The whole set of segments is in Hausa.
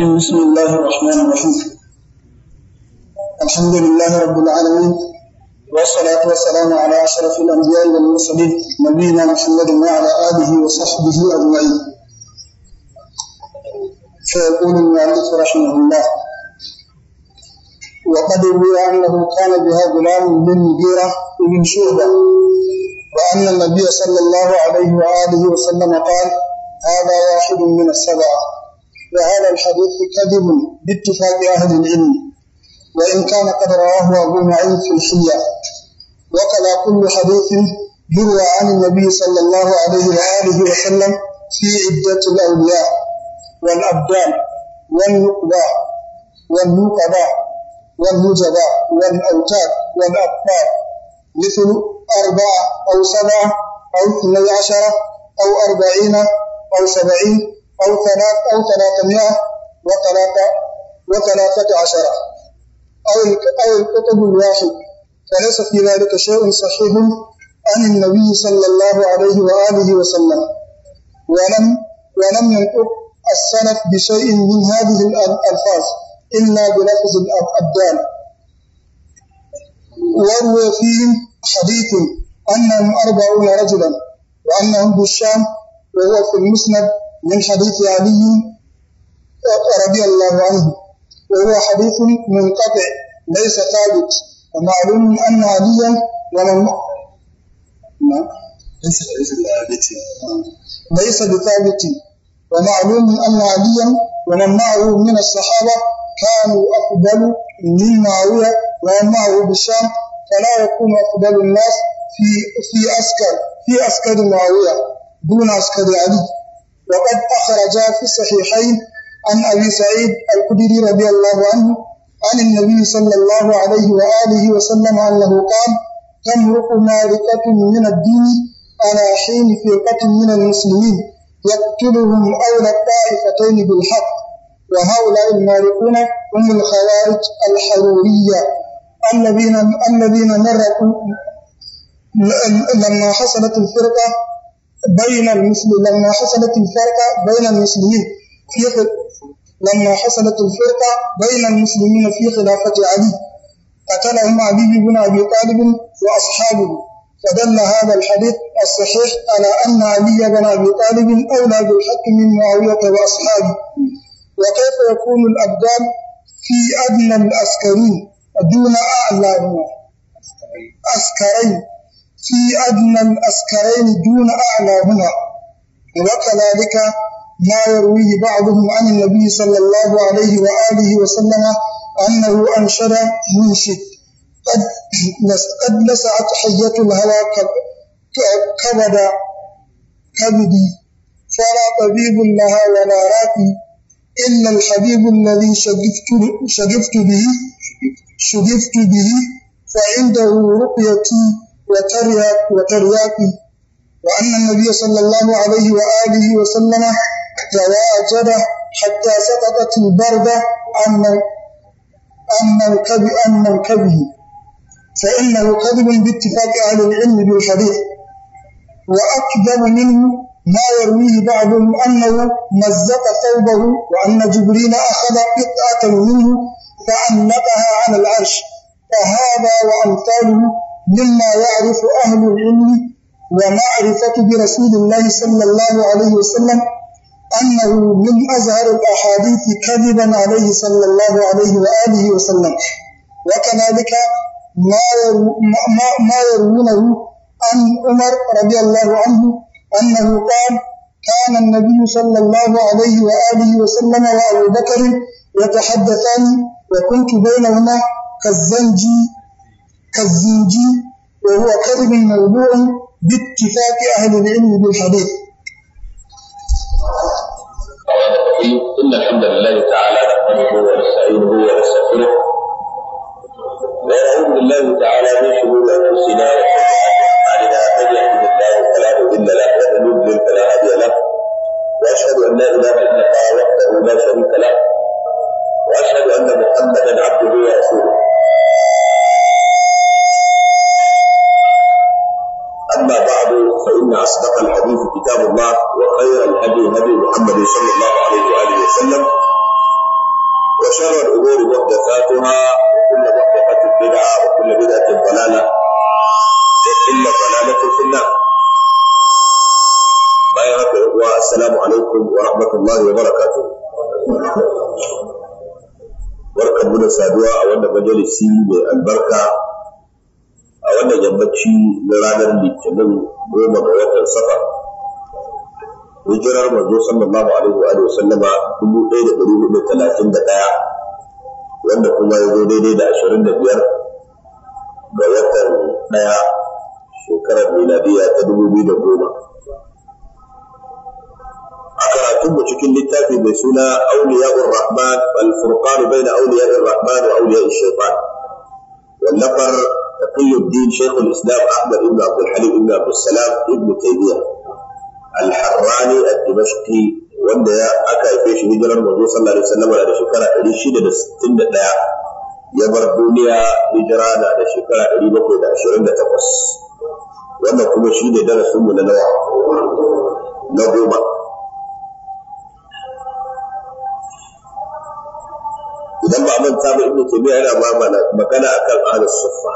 الرجيم بسم الله الرحمن الرحيم الحمد لله رب العالمين والصلاة والسلام على أشرف الأنبياء والمرسلين نبينا محمد وعلى آله وصحبه أجمعين فيقول المؤلف رحمه الله وقد روي أنه كان بها غلام بن مغيرة بن شعبة وأن النبي صلى الله عليه وآله وسلم قال هذا واحد من السبعة وهذا الحديث كذب باتفاق أهل العلم وإن كان قد رواه أبو معين في الحية وكذا كل حديث يروى عن النبي صلى الله عليه وآله وسلم في عدة الأولياء والأبدان والنقباء والنقباء والنجباء والأوتاد والأطفال مثل أربعة أو سبعة أو اثني عشرة أو أربعين أو سبعين أو ثلاث أو ثلاثمائة وثلاثة وثلاثة عشرة أو أو الكتب الواحد فليس في ذلك شيء صحيح عن النبي صلى الله عليه وآله وسلم ولم ولم ينطق السلف بشيء من هذه الألفاظ إلا بلفظ الأبدان وروي فيهم حديث أنهم أربعون رجلا وأنهم بالشام وهو في المسند من حديث علي رضي الله عنه وهو حديث منقطع ليس ثابت ومعلوم أن عليا ومن نعم. ليس بثابت ليس بثابت ومعلوم أن عليا ومن معه من الصحابة كانوا أفضل من معاوية ومن معه بالشام فلا يكون أفضل الناس في في أسكر في أسكر معاوية دون أسكر علي وقد أخرجا في الصحيحين عن أبي سعيد الخدري رضي الله عنه عن النبي صلى الله عليه وآله وسلم أنه قال تمرق مالكة من الدين على حين فرقة من المسلمين يقتلهم أولى الطائفتين بالحق وهؤلاء المالكون هم الخوارج الحرورية الذين الذين مرقوا لما حصلت الفرقة بين المسلمين لما حصلت الفرقة بين المسلمين في لما حصلت الفرقة بين المسلمين في خلافة علي قتلهم علي بن أبي طالب وأصحابه فدل هذا الحديث الصحيح على أن علي بن أبي طالب أولى بالحق من معاوية وأصحابه وكيف يكون الأبدال في أدنى الأسكرين دون أعلى أسكرين في أدنى الأسكرين دون أعلاهما وكذلك ما يرويه بعضهم عن النبي صلى الله عليه وآله وسلم أنه أنشد منشد قد لسعت حية الهوى كبد كبدي فلا طبيب لها ولا راقي إلا الحبيب الذي شغفت, شغفت به شغفت به فعنده رقيتي وترياقه وأن النبي صلى الله عليه وآله وسلم تواجد حتى سقطت البردة عن منكب عن منكبه فإنه كذب باتفاق أهل العلم بالحديث وأكذب منه ما يرويه بعضهم أنه مزق ثوبه وأن جبريل أخذ قطعة منه فعلقها على العرش فهذا وأمثاله مما يعرف أهل العلم ومعرفة برسول الله صلى الله عليه وسلم أنه من أزهر الأحاديث كذبا عليه صلى الله عليه وآله وسلم وكذلك ما ما يروونه عن عمر رضي الله عنه أنه قال كان النبي صلى الله عليه وآله وسلم وأبو بكر يتحدثان وكنت بينهما كالزنجي كالزنجي وهو كرم موضوع باتفاق أهل العلم بالحديث إن الحمد لله تعالى نحمده ونستعينه ونستغفره ونعوذ بالله تعالى من شرور أنفسنا وسيئات أعمالنا من يهده الله فلا مضل له ومن يضلل فلا هادي له وأشهد أن لا إله إلا الله وحده لا شريك له وأشهد أن محمدا عبده ورسوله أما بعد فإن أصدق الحديث كتاب الله وخير الهدي هدي محمد صلى الله عليه وآله وسلم وشر الأمور محدثاتها وكل محدثة بدعة وكل بدعة ضلالة وكل ضلالة في النار بارك الله السلام عليكم ورحمة الله وبركاته بركة من السادوة أولا مجلسي بالبركة a wannan yammaci na ranar litinin goma ga watan safa hijirar manzo sallallahu alaihi wa sallama dubu ɗaya da ɗari hudu talatin da ɗaya wanda kuma ya zo daidai da ashirin da biyar ga watan ɗaya shekarar miladiya ta dubu biyu da goma a karatun mu cikin littafi mai suna auliya'ur rahman al-furqan bayna auliya'ir rahman wa auliya'ir shaytan wallafar تقي الدين شيخ الاسلام احمد بن عبد الحليم بن عبد السلام ابن تيميه الحراني الدمشقي wanda ya aka haife shi hijirar manzo sallallahu alaihi wasallam da shekara 661 ya bar duniya hijira na da shekara 728 wanda kuma shi ne darasin mu na nawa na goma idan ba manta ba ibnu taymiya yana ba magana akan ahlus sufa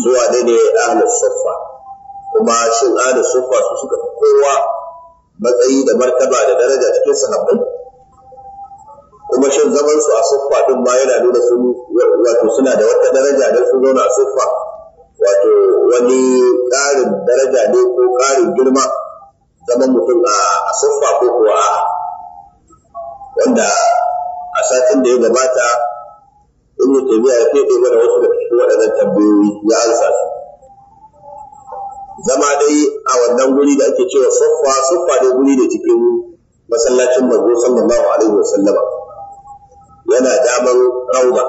zuwa wane ne ahlus suffa kuma shin ahlus suffa su suka fi kowa matsayi da martaba da daraja cikin sahabbai kuma shin zaman su a suffa din ma yana nuna sun wato suna da wata daraja don sun zauna a suffa wato wani ƙarin daraja ne ko ƙarin girma zaman mutum a suffa ko kuwa wanda a satin da ya gabata ibnu taymiya ya fede mana wasu da cikin waɗannan tambayoyi ya ansa su zama dai a wannan guri da ake cewa soffa soffa dai guri da cikin masallacin manzo sallallahu alaihi wasallama yana damar rauda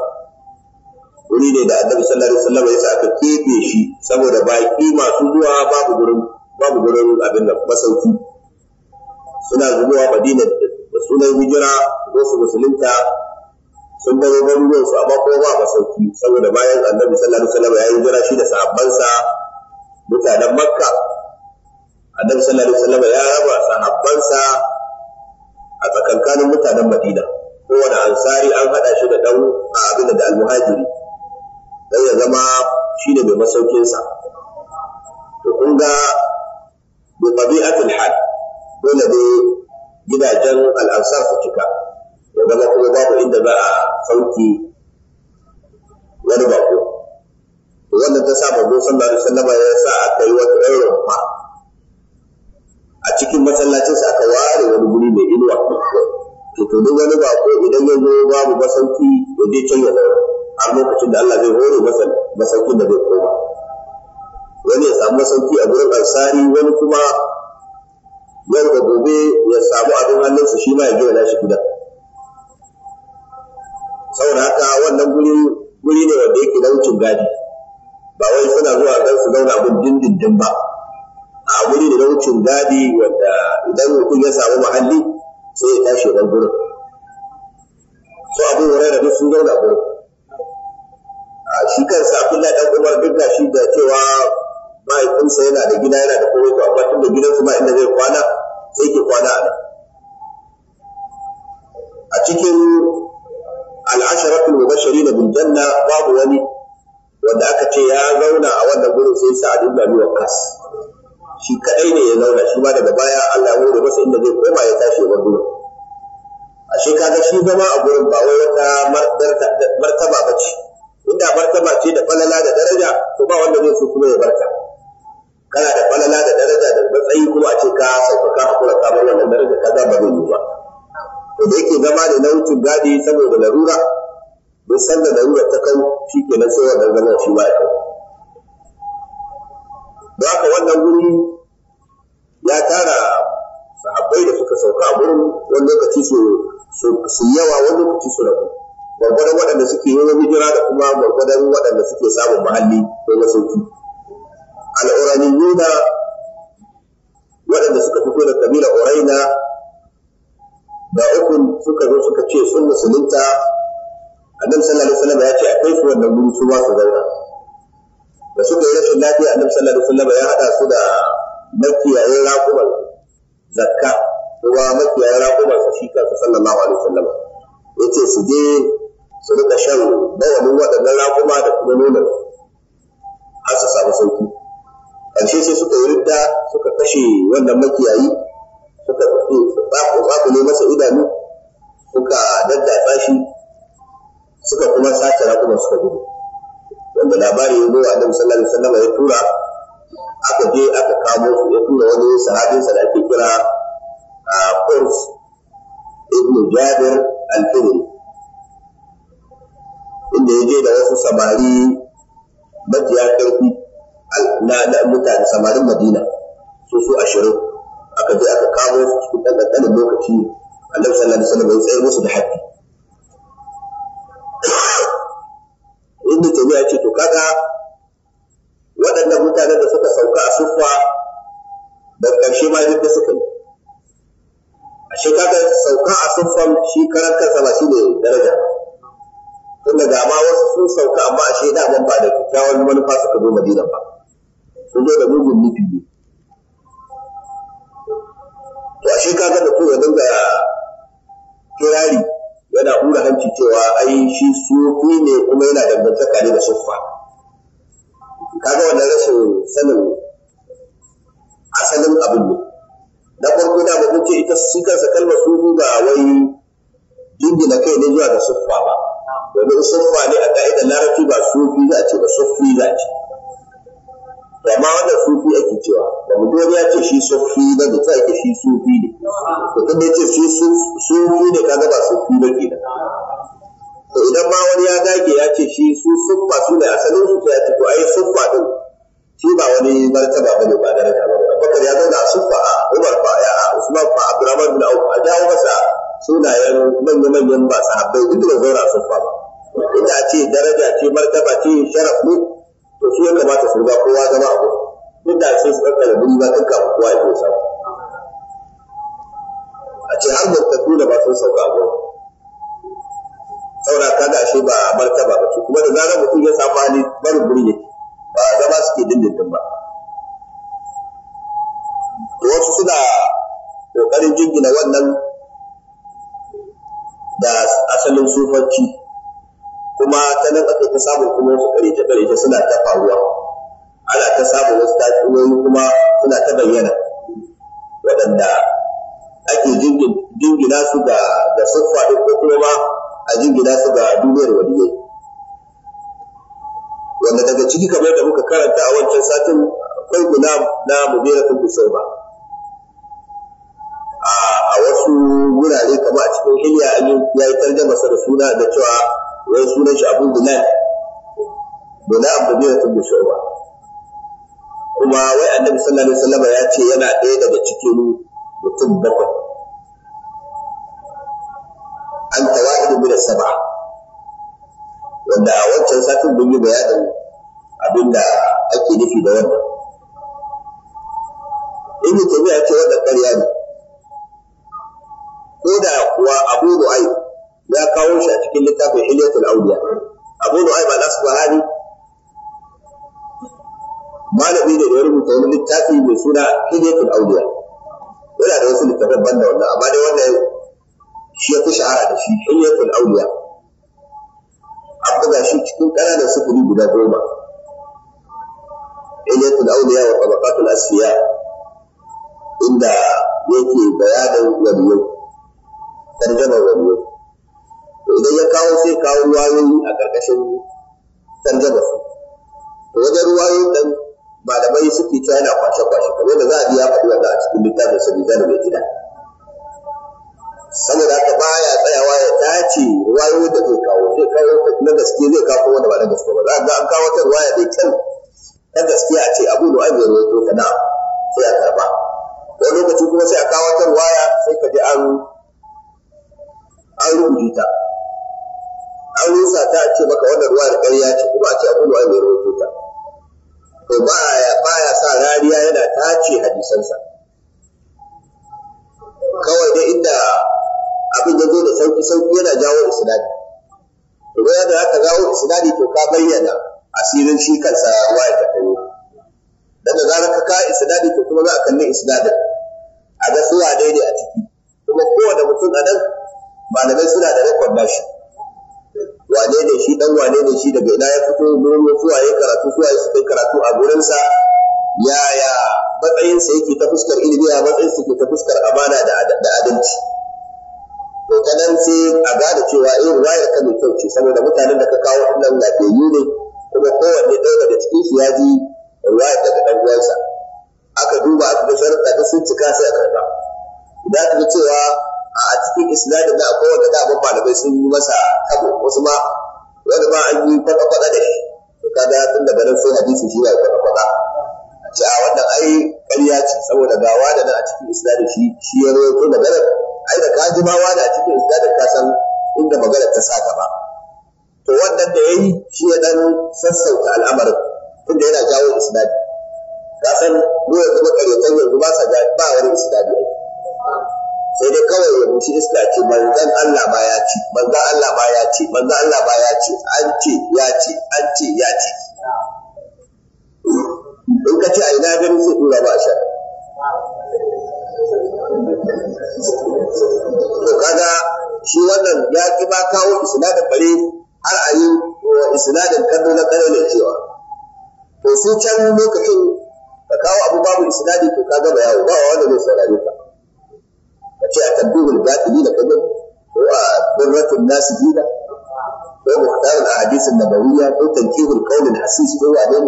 wuri ne da annabi sallallahu alaihi wasallama sa aka keɓe shi saboda baki masu zuwa babu gurin babu gurin abin da masauki suna zuwa madina da sunan hijira ko su musulunta sun bazo garuruwan su amma kuma ba masauki saboda bayan annabi sallallahu alaihi wasallam ya yi jira shi da sahabbansa mutanen makka annabi sallallahu alaihi wasallam ya raba sahabbansa a tsakankanin mutanen madina kowane ansari an haɗa shi da ɗan abin da almuhajiri dan ya zama shi ne mai masaukinsa to kun ga bi tabi'atul hal dole ne gidajen al'ansar su cika zama kuma babu inda ba a sauki wani bako wannan ta sa manzo sallallahu alaihi wasallam ya sa aka yi wata ɗaurin rumfa a cikin masallacin sa aka ware wani guri mai inuwa to to duk wani bako idan ya zo babu masauki ya je can ya zauna har lokacin da Allah zai hore masa masaukin da zai koma wani ya samu masauki a gurin ansari wani kuma yau da gobe ya samu abin hannunsa shi ma ya gina nashi gidan saboda haka wannan guri guri ne wanda yake da wucin gadi ba wai suna zuwa don su zauna abin dindindin ba a guri ne na wucin gadi wanda idan mutum ya samu muhalli sai ya tashi da gurin su abu hurairah duk sun zauna gurin shi kansa da dan umar duk da shi da cewa mahaifinsa yana da gida yana da kowato amma tun da gidansu ba inda zai kwana sai ke kwana a nan a cikin asharatul mubashirin bil janna babu wani wanda aka ce ya zauna a wannan gurin sai sa'ad ibn abi waqas shi kadai ne ya zauna shi ma daga baya Allah ya hore masa inda zai koma ya tashi ya a shi kaga shi zama a gurin ba wai wata martaba ba ce inda martaba ce da falala da daraja to ba wanda zai so kuma ya barka kana da falala da daraja da matsayi kuma a ce ka sauƙaƙa hakura ka bar wannan daraja kaza ba zai yi ba to da yake zama da nautin gadi saboda larura in sanda da ruwa ta kai shi ke nan sai wannan shi ba ya kai da haka wannan guri ya tara sahabbai da suka sauka a gurin wani lokaci su yawa wani lokaci su rabu gwargwadon waɗanda suke yi jira da kuma gwargwadon waɗanda suke samun muhalli ko masauki al'urani al'uraniyuna waɗanda suka fito da kabila uraina da ukun suka zo suka ce sun musulunta annabi sallallahu alaihi wasallam ya ce akwai su wannan guri su ba su zauna da suka yi rashin lafiya annabi sallallahu alaihi wasallam ya hada su da makiyayen raƙuman zakka kuma makiyayen raƙuman sa shi kansa sallallahu alaihi wasallam yace su je su rika shan bawalin waɗannan raƙuma da kuma nonon har su samu sauki ƙarshe sai suka yi rudda suka kashe wannan makiyayi suka ba ku ne masa idanu suka daddatsa shi suka kuma sace raƙuman suka gudu wanda labari ya zo a annabi sallallahu alaihi wasallam ya tura aka je aka kamo su ya tura wani sahabinsa da ake kira a Qurs ibn Jabir al-Fihri inda ya je da wasu samari majiya karfi na mutane samarin Madina su su ashirin aka je aka kamo su cikin ɗan lokaci annabi sallallahu alaihi wasallam ya tsaye musu da haƙƙi mutanen da suka sauka a suffa da ƙarshe ma duk da suka yi a shekara sauka a suffan shi karan kansa shi ne daraja tun da gama wasu sun sauka amma a shaida ban ba da kyakkyawan manufa suka zo madina ba sun zo da mugun nufi ne to a shekara da kowa dinga kirari yana hura hanci cewa ai shi sufi ne kuma yana dangantaka ne da sufa. kaga wannan rashin sanin asalin abin ne na farko da ba kuke ita shi kansa kalmar sufu ba wai jingina kai ne zuwa ga suffa ba domin suffa ne a ka'ida larabci ba sufi za a ce ba sufi za a ce amma wannan sufi ake cewa da mutum ya ce shi sufi da mutum ake shi sufi ne to kuma ya ce shi sufi ne kaga ba sufi ba kenan idan ma wani ya dage ya ce shi su suffa su ne asalin su ya ce to ai suffa din shi ba wani martaba ba ne ba daraja ba ne abubakar ya zauna a suffa a umar fa ya a usman fa abdurrahman bin auf a jawo masa sunayen manya-manyan ba sahabbai duk da zauna a suffa ba inda a ce daraja ce martaba ce sharaf ne to shi ya kamata su ga kowa zama a gudu duk da sai su ɗauka da ba duk kafin kowa ya zo samu a ce har mutafi da ba sun sauka a gudu saboda kaga ashe ba martaba ba ce kuma da zarar mutum ya samu hali barin guri ne ba zama suke dindindin ba wasu suna kokarin jingina wannan da asalin sufanci kuma ta nan aka ta samun kuma wasu ƙarece ƙarece suna ta faruwa ana ta samun wasu tatsuniyoyi kuma suna ta bayyana waɗanda ake jingina su ga siffa ko kuma a jingina su ga duniyar waliyai wanda daga ciki kamar da muka karanta a wancan satin akwai gulam na mubiratun ba. a wasu wurare kamar a cikin hilya an ya yi tarjama sa da suna da cewa wani sunan shi abu gulam gulam mubiratun ba. kuma wai annabi sallallahu alaihi wasallam ya ce yana ɗaya daga cikin mutum bakwai An anta wahidun min sab'a wanda a wancan satin mun yi bayanin abinda ake nufi da wannan ibnu taymiya ce wannan ƙarya ne ko da kuwa abu nu'aym ya kawo shi a cikin littafin hilyatul awliya abu na al-asbahani malami ne da ya rubuta wani littafi mai suna hilyatul awliya yana da wasu littafin banda wannan amma dai wannan shi ya fi shahara da shi in ya kun auliya an buga shi cikin ƙananan sufuri guda goma in ya kun auliya wa tabaqatul asfiya inda yake bayanin waliyai tarjamar waliyai idan ya kawo sai kawo ruwayoyi a ƙarƙashin tarjamar su wajen ruwayoyin ɗan malamai suke cewa yana kwashe-kwashe kamar da za a biya faɗi wanda a cikin littafin sabida da mai gida. saboda haka ya tsayawa ya tace ruwayoyin da zai kawo zai kawo na gaske zai kawo wanda ba na gaske ba za ga an kawo ta ruwaya dai kyan ta gaske a ce abu da an zai to kana sai a karba wani lokaci kuma sai a kawo ta ruwaya sai ka ji an an rubuta ta an rusa ta a ce maka wannan ruwa da ƙarya ce kuma a ce abu da an zai ta to ba ya sa rariya yana tace hadisansa kawai dai inda abin da zo da sauki sauki yana jawo isnadi to ga da haka jawo isnadi to ka bayyana asirin shi kansa waya da kai dan da zarar ka ka isnadi to kuma za a kalli isnadin a ga suwa wane a ciki kuma kowane mutum a nan malamai suna da rakon bashi wane ne shi dan wane ne shi daga ina ya fito gurin suwa ya karatu su ya suka karatu a gurinsa yaya matsayinsa yake ta fuskar ilimi a matsayinsa yake ta fuskar amana da adalci to ta nan sai a gane cewa eh ruwa ya mai kyau ce saboda mutanen da ka kawo annan lafiyayyu ne kuma kowanne ɗaya daga cikin su ya ji ruwayar daga ɗan uwansa aka duba aka ga da ta sun cika sai a karɓa idan aka ga cewa a cikin islami da akwai wanda abin malamai sun yi masa kabo wasu ma wani ma an yi kwaɗa da shi to kaga tun daga nan sai hadisi shi ya yi kwaɗa a ce a wannan ai ƙarya ce saboda gawa da nan a cikin islami shi shi ya da maganar ai da kaji ma a cikin isa ka san inda magana ta sa gaba to wannan da yayi shi ya dan sassauta al'amarin tunda yana jawo isnadi ka san mu yanzu makarantar yanzu ba sa ba wani isnadi ai sai dai kawai ya bushi iska ce manzan Allah ba ya ci manzan Allah ba ya ci manzan Allah ba ya ci an ce ya ci an ce ya ci in ka ce a ina ganin sai dura ba sha to kaga shi wannan ya ki ma kawo isnadin bare har a yi wa isnadin kallo na kare ne cewa to su can lokacin ka kawo abu babu isnadi to kaga ba yawo ba wanda zai saurare ka ka ce a tabbihul gatili da kaga ko a birratun gida ko muhtar al-ahadith an-nabawiyya ko tankihul qawl al-hasis ko wa dai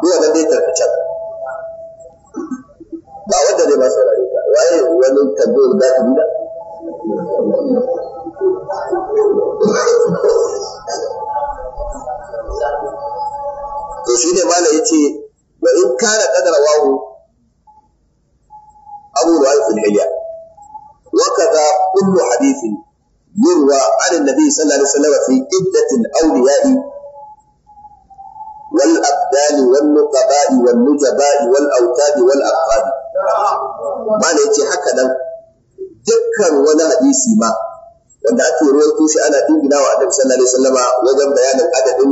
ko da dai tarkace ba wanda zai ba saurare waye wani tabbayar da ta bida to shi ne mala ya ce wa in kana kadar wahu abu da alfin hilya wa kaza kullu hadithin yurwa an annabi sallallahu alaihi wasallam fi iddatin awliya'i والأبدان والنقباء والنجباء والأوتاد والأقفال ما نيتي هكذا dukkan wani hadisi ma wanda ake ruwaito shi ana dingina wa annabi sallallahu alaihi wasallama wajen bayanin adadin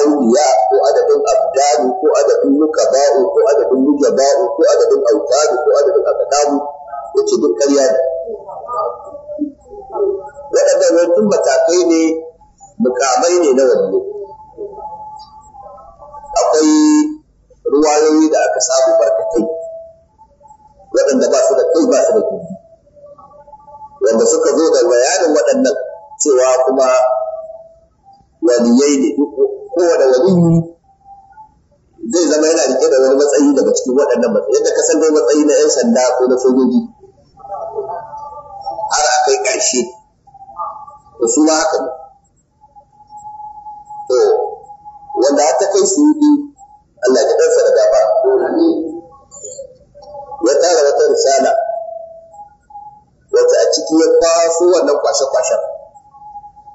auliya ko adadin abdani ko adadin nukaba'u ko adadin nujaba'u ko adadin autadu ko adadin akadamu yace duk ƙarya ne waɗannan rantun matakai ne mukamai ne na wani waɗannan matsayi yadda ka san dai matsayi na 'yan sanda ko na sojoji har akai ƙarshe to su ma haka ne to wanda ta kai su yi Allah ya ɗansa da gaba ya tara wata risala wata a ciki ya kwaso wannan kwashe-kwashen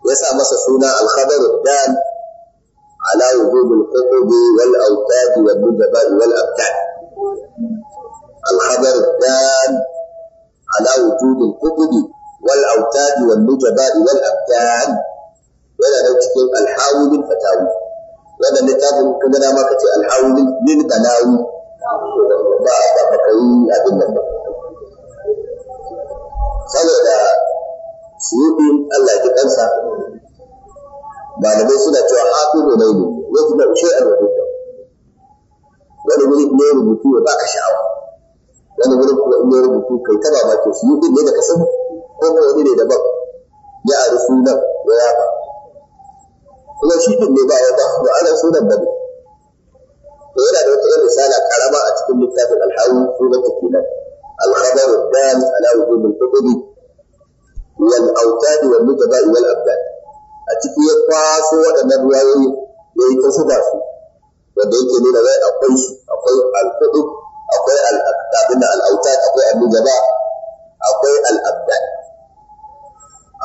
ya sa masa suna alhadar dan ala wujudul qutubi wal awtad wal mujabal wal rubutu kai ta mamaki su yi ne da kasan ko ko wani ne daban ya a sunan ya yafa kuma shi din ne ba ya ba ba ana sunan ba ne to yana da wata misala karama a cikin littafin alhawi sunan ta kenan الخبر الدال على وجود الحقوق والأوتاد والنجباء والأبدان أتكي يقاس وأنا بوايي يتسدى su wanda yake nuna wai akwai akwai alkudu akwai al'abdabin da al'auta akwai abu gaba, akwai al'abdan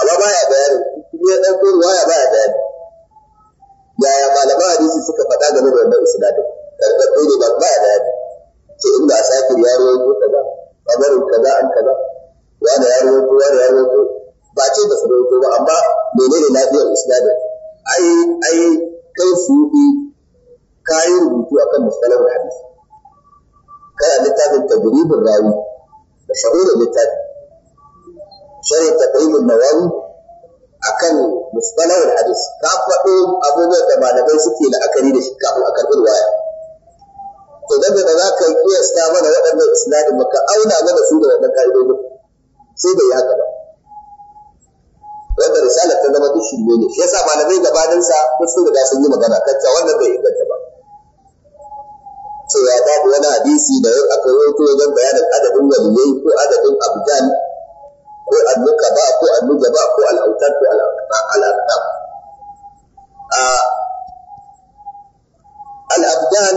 amma baya bayani kuma ya ɗauko ba ya bayani yaya malama hadisi suka faɗa game da wannan isnadin karɓaɓɓe ne ba baya bayani ce in ba a sake ya ruwaito kaza kabarin kaza an kaza wani ya ruwaito wani ya ruwaito ba ce ba su ruwaito ba amma menene lafiyar isnadin ai ai kai su yi kayan rubutu akan musalar hadisi kai a littafin tajribin rawi da da littafi shahin taqribin nawawi akan mustalahul hadis ka faɗo abubuwan da malamai suke la'akari da shi kafin a karɓi waya to dan da za ka yi kiyasta mana waɗannan isnadin maka auna mana su da wannan ka'idodin sai bai yi haka ba wanda risala ta zama duk shirme ne shi yasa malamai gabanin sa sun riga sun yi magana kanta wannan bai inganta ba cewa babu wani hadisi da yau aka rawaito wajen bayanin adadin waliyai ko adadin abdan ko annuka ba ko annuka ba ko al'autar ko al'aqab al'abdan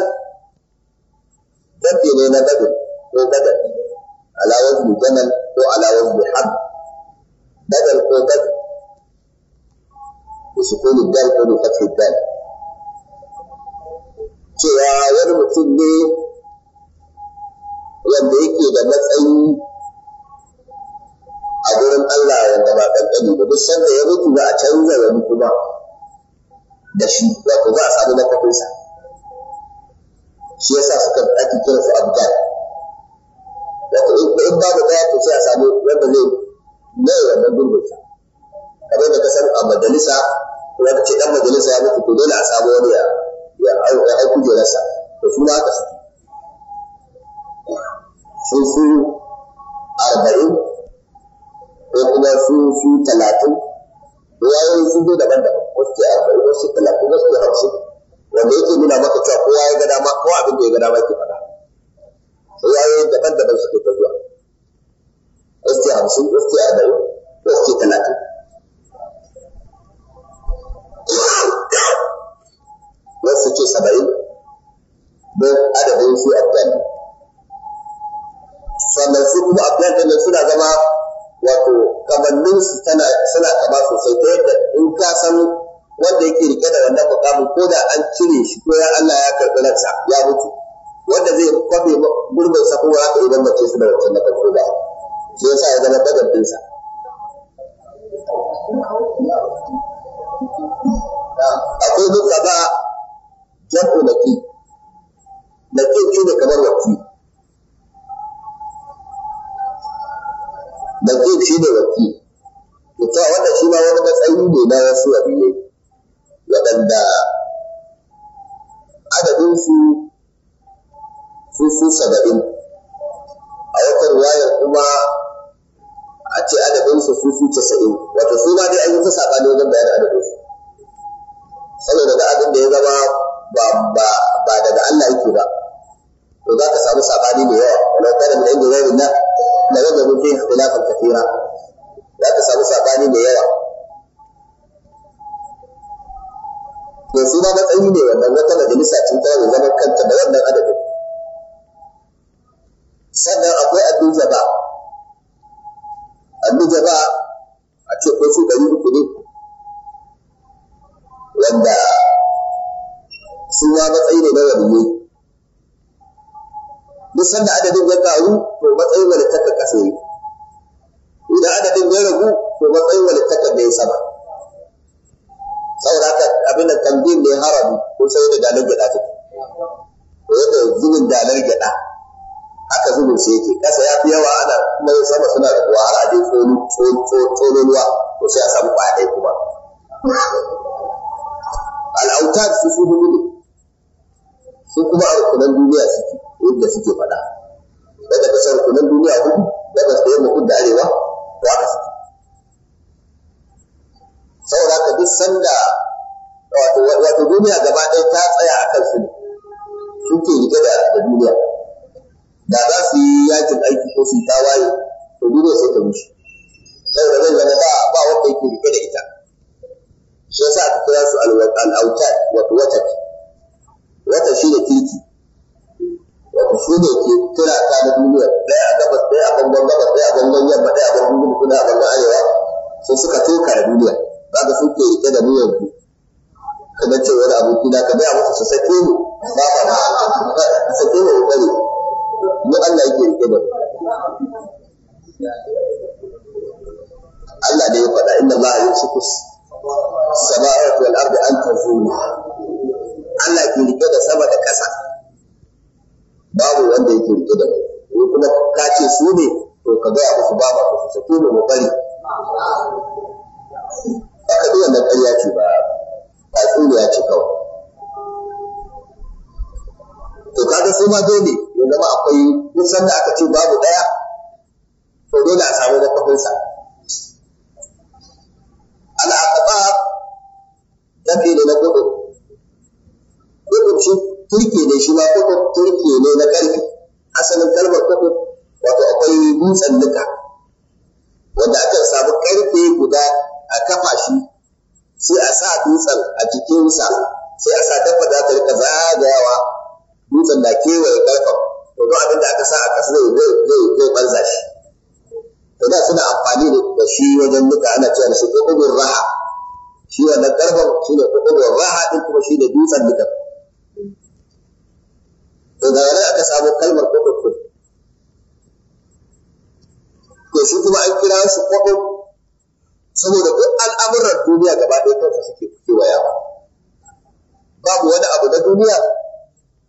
dabbe ne na badr ko badr ala wajhi ko ala wajhi hab ko badr Wasu sukuni dal ko bi fathi dal mutum ne wanda yake da matsayi a gurin Allah wanda ba ƙanƙani ba duk sanda ya mutu ba a canza wani kuma da shi wato za a samu na kafinsa shi yasa suka ake kira su abdal wato in ba babu ɗaya to sai a samu wanda zai mai wannan gurbinsa kamar da kasar a majalisa wanda ce ɗan majalisa ya mutu to dole a samu wani ya ya aiki jerarsa da su na aka saki sun su arba'in ko kuma su su talatin ko yayin sun zo daban-daban wasu ke arba'in wasu talatin wasu ke hamsin wanda yake nuna maka cewa kowa ya ga dama ko abin da ya ga dama ke faɗa sai yayin daban-daban suke ta zuwa wasu ke hamsin wasu ke arba'in wasu ke talatin wasu ce saba'in don adadin su abdan sannan su kuma abdan ɗin suna zama wato kamannin su tana suna kama sosai ta yadda in ka san wanda yake rike da wannan mukamin ko da an cire shi ko ya Allah ya karɓi ransa ya mutu wanda zai kwafe gurbin sa kuma haka idan mace su da wancan na farko ba shi yasa ya zama badar sa akwai ba jam'u naqi da ƙinƙi da kamar wakki da zai da wakki wafi ita wanda shi ma wani matsayi ne na wasu waliyai waɗanda adadin su su saba'in a wata ruwayar kuma a ce adadin su su casa'in wato su ma dai an yi ta ne wajen bayan su? saboda da abin da ya zama ba daga Allah yake ba to za ka samu sabani mai yawa Na kana da inda zai na da zai zama a ikhtilafan kafira za ka samu sabani mai yawa to su ba matsayi ne wannan wata majalisa ce tara da zaman kanta da wannan adadin sannan akwai abin zaba. Abin zaba. a ce ko su ɗari uku ne wanda su ma matsayi ne na ne. duk sanda adadin ya karu to matsayin walittaka kasa yi idan adadin ya ragu to matsayin walittaka bai sama saboda haka abin da tambin ne harabi ko sai da dalar gyaɗa take ko yadda zubin dalar gyaɗa haka zubin sai yake ƙasa ya fi yawa ana kuma yin sama suna kuwa har a je tsoron ruwa to sai a samu ƙwaya ɗaya kuma al'autar su su hudu ne su kuma a rukunan duniya suke inda suke faɗa daga kasar kunan duniya hudu daga da yamma da arewa to haka suke saboda haka duk sanda wato duniya gaba ɗaya ta tsaya a kansu ne suke rike da duniya da za su yi yakin aiki ko su yi tawaye to duniya sai ta rushe saboda zai zama ba ba wanda yake rike da ita shi yasa aka kira su al-autad wato watat watat shi da kirki wato shi ne ke kira ta na duniya ɗaya a gabas ɗaya a bangon gabas ɗaya a bangon yamma ɗaya a bangon gudu ɗaya a bangon arewa sai suka tuka da duniya ba ga sun ke riƙe da niyyar ku kamar ce wani aboki na ka gaya musu su sake ni ba ba ba a sake ni in tsare mu Allah yake riƙe da Allah ne ya faɗa inna ma yusufu samawati wal ardi an tazulu Allah ke riƙe da sama da ƙasa babu wanda yake rike da mu kuma ka ce su ne to ka gaya musu ba ma ku su sake mu bari aka duk wannan ƙarya ce ba a tsuriya ce kawai to kaga sai ma dole ya zama akwai duk sanda aka ce babu ɗaya to dole a samu na kafinsa ta dafi da na gudu gudu shi turke ne shi ma kuma turke ne na ƙarfi asalin kalmar kuma wato akwai dutsen duka wanda aka samu ƙarfe guda a kafa shi sai a sa dutsen a jikinsa sai a sa dafa za ta rika zagayawa dutsen da kewaye ƙarfen to duk abin da aka sa a ƙasa zai zai zai banza shi to da suna amfani da shi wajen duka ana cewa shi kukubin raha shi wannan ƙarfen shi ne kukubin raha ɗin kuma shi ne dutsen duka to daga nan aka samu kalmar kuɗuɗɗun to shi kuma an kira su kuɗuɗ saboda duk al'amuran duniya gaba ɗaya kansa suke Ba babu wani abu na duniya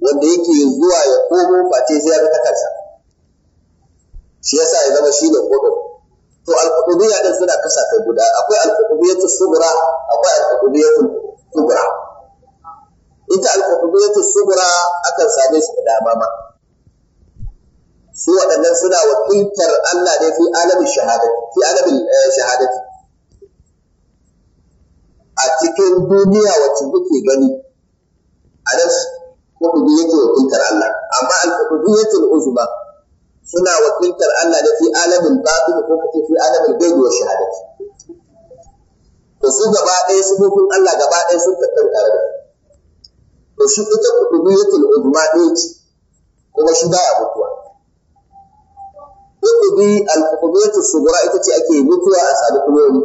wanda yake zuwa ya komo face sai ya ga kansa shi yasa ya zama shi ne kuɗuɗ to alƙudiyya din suna kasa ta guda akwai alƙudiyyatu sugura akwai alƙudiyyatul kubra ita alƙutubiyatu subra akan same su da dama ma su waɗannan suna wakiltar Allah ne fi alamin shahadati fi alamin eh, shahadati a cikin duniya wacce muke gani a nan kutubi yake wakiltar Allah amma al-kutubiyatul uzma suna wakiltar Allah ne fi alamin batin ko kace fi alamin gaibi wa shahadati to su gaba ɗaya su hukun Allah gaba ɗaya sun tattauna tare da to shi ita kudubiyatul udma ɗaya ce kuma shi baya mutuwa kudubi al-kudubiyatul sugura ita ce ake mutuwa a sami kulori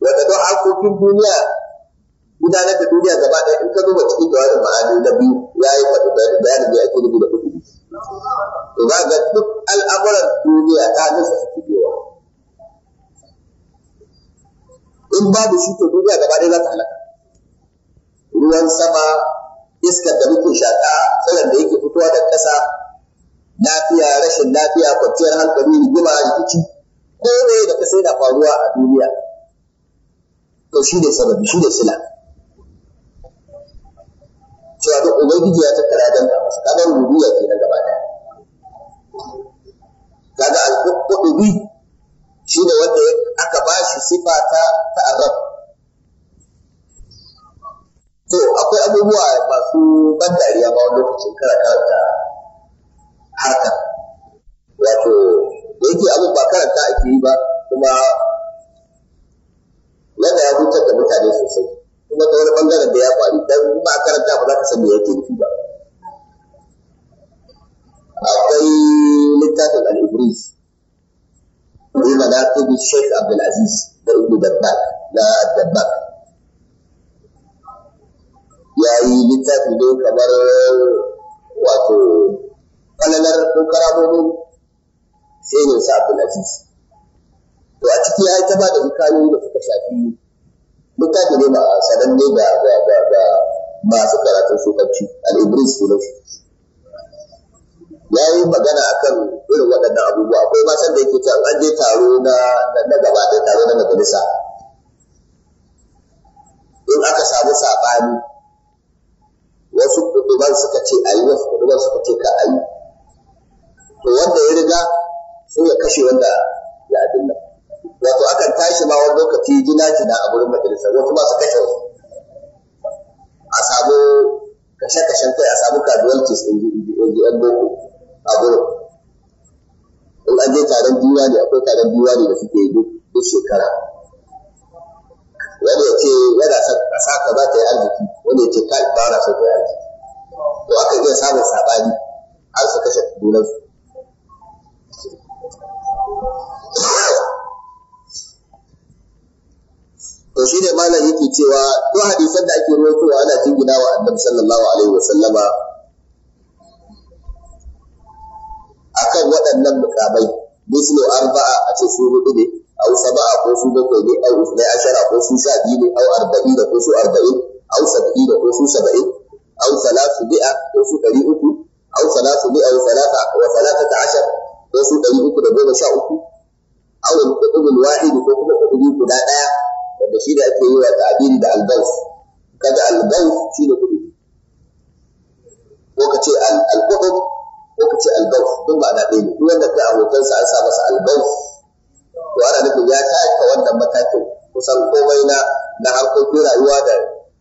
wanda don harkokin duniya gudanar da duniya gaba ɗaya in ka duba cikin jawabin ma'ani da biyu ya yi faɗi bayanin da ake rubuta kudubi to za ga duk al'amuran duniya ta nufa suke biyowa in babu shi to duniya gaba ɗaya za ta halaka ruwan sama iskar da muke shaƙa tsiron da yake fitowa da ƙasa lafiya rashin lafiya kwanciyar hankali rigima rikici Ko ne da sai yana faruwa a duniya to shi ne sababi shi ne sila cewa duk ubangiji ya tattara don ka masa kaga rububiyya ke na gaba daya kaga al-qutbi shi ne wanda aka bashi sifa ta arab to akwai abubuwa masu ban dariya ma wani lokacin kana karanta harkar wato da yake abin ba karanta ake yi ba kuma yana ya hutar da mutane sosai kuma ta wani bangaren da ya kwari dan ba karanta ba za ka san me yake nufi ba akwai littafin al-ibris ne ma na tabi sheikh abdulaziz da ibnu dabbak na dabbak yi littafi ne kamar wato kalalar ko karamomin shehin sa Abdulaziz. To a ciki ya yi ta ba da hikayoyi da suka shafi littafi ne ma sananne ga masu karatun shugabanci al'ibris su nufi ya yi magana a kan irin waɗannan abubuwa akwai masan da yake ta, an je taro na gaba da taro na majalisa in aka samu saɓani wasu ɗuɗɗuban suka ce a yi wasu ɗuɗɗuban suka ce ka a yi to wanda ya riga sun ya kashe wanda ya abin nan wato akan tashi ma wani lokaci jina jina a gurin majalisar wasu ma su kashe wasu a samu kashe-kashen kai a samu casualties in ji yan boko a gurin in an je taron biyu diwani akwai taron biyu diwani da suke yi duk shekara wani ya ce yana son ƙasa ka ba ta yi arziki wani ya ce ta ba na son ta yi arziki to aka iya samun saɓani har su kashe su to shi ne malam yake cewa duk hadisan da ake wa ana jingina wa annabi sallallahu alaihi wa sallama akan waɗannan mukamai mislu arba'a a ce su hudu ne au saba'a ko su bakwai ne au isna ashara ko su sha arba'in da ko su arba'in au sab'i da ko su saba'in au salatu bi'a ko su ɗari uku au salatu bi'a wa salata wa salatata ashar ko su ɗari uku da goma sha uku au al-qutubul ko kuma qutubi guda ɗaya wanda shi ake yi wa da al kada shi ne kuɗi ko al ko duk ma'ana ne a an sa masa al to ana nufin ya taka wannan matakin kusan komai na na harkokin rayuwa da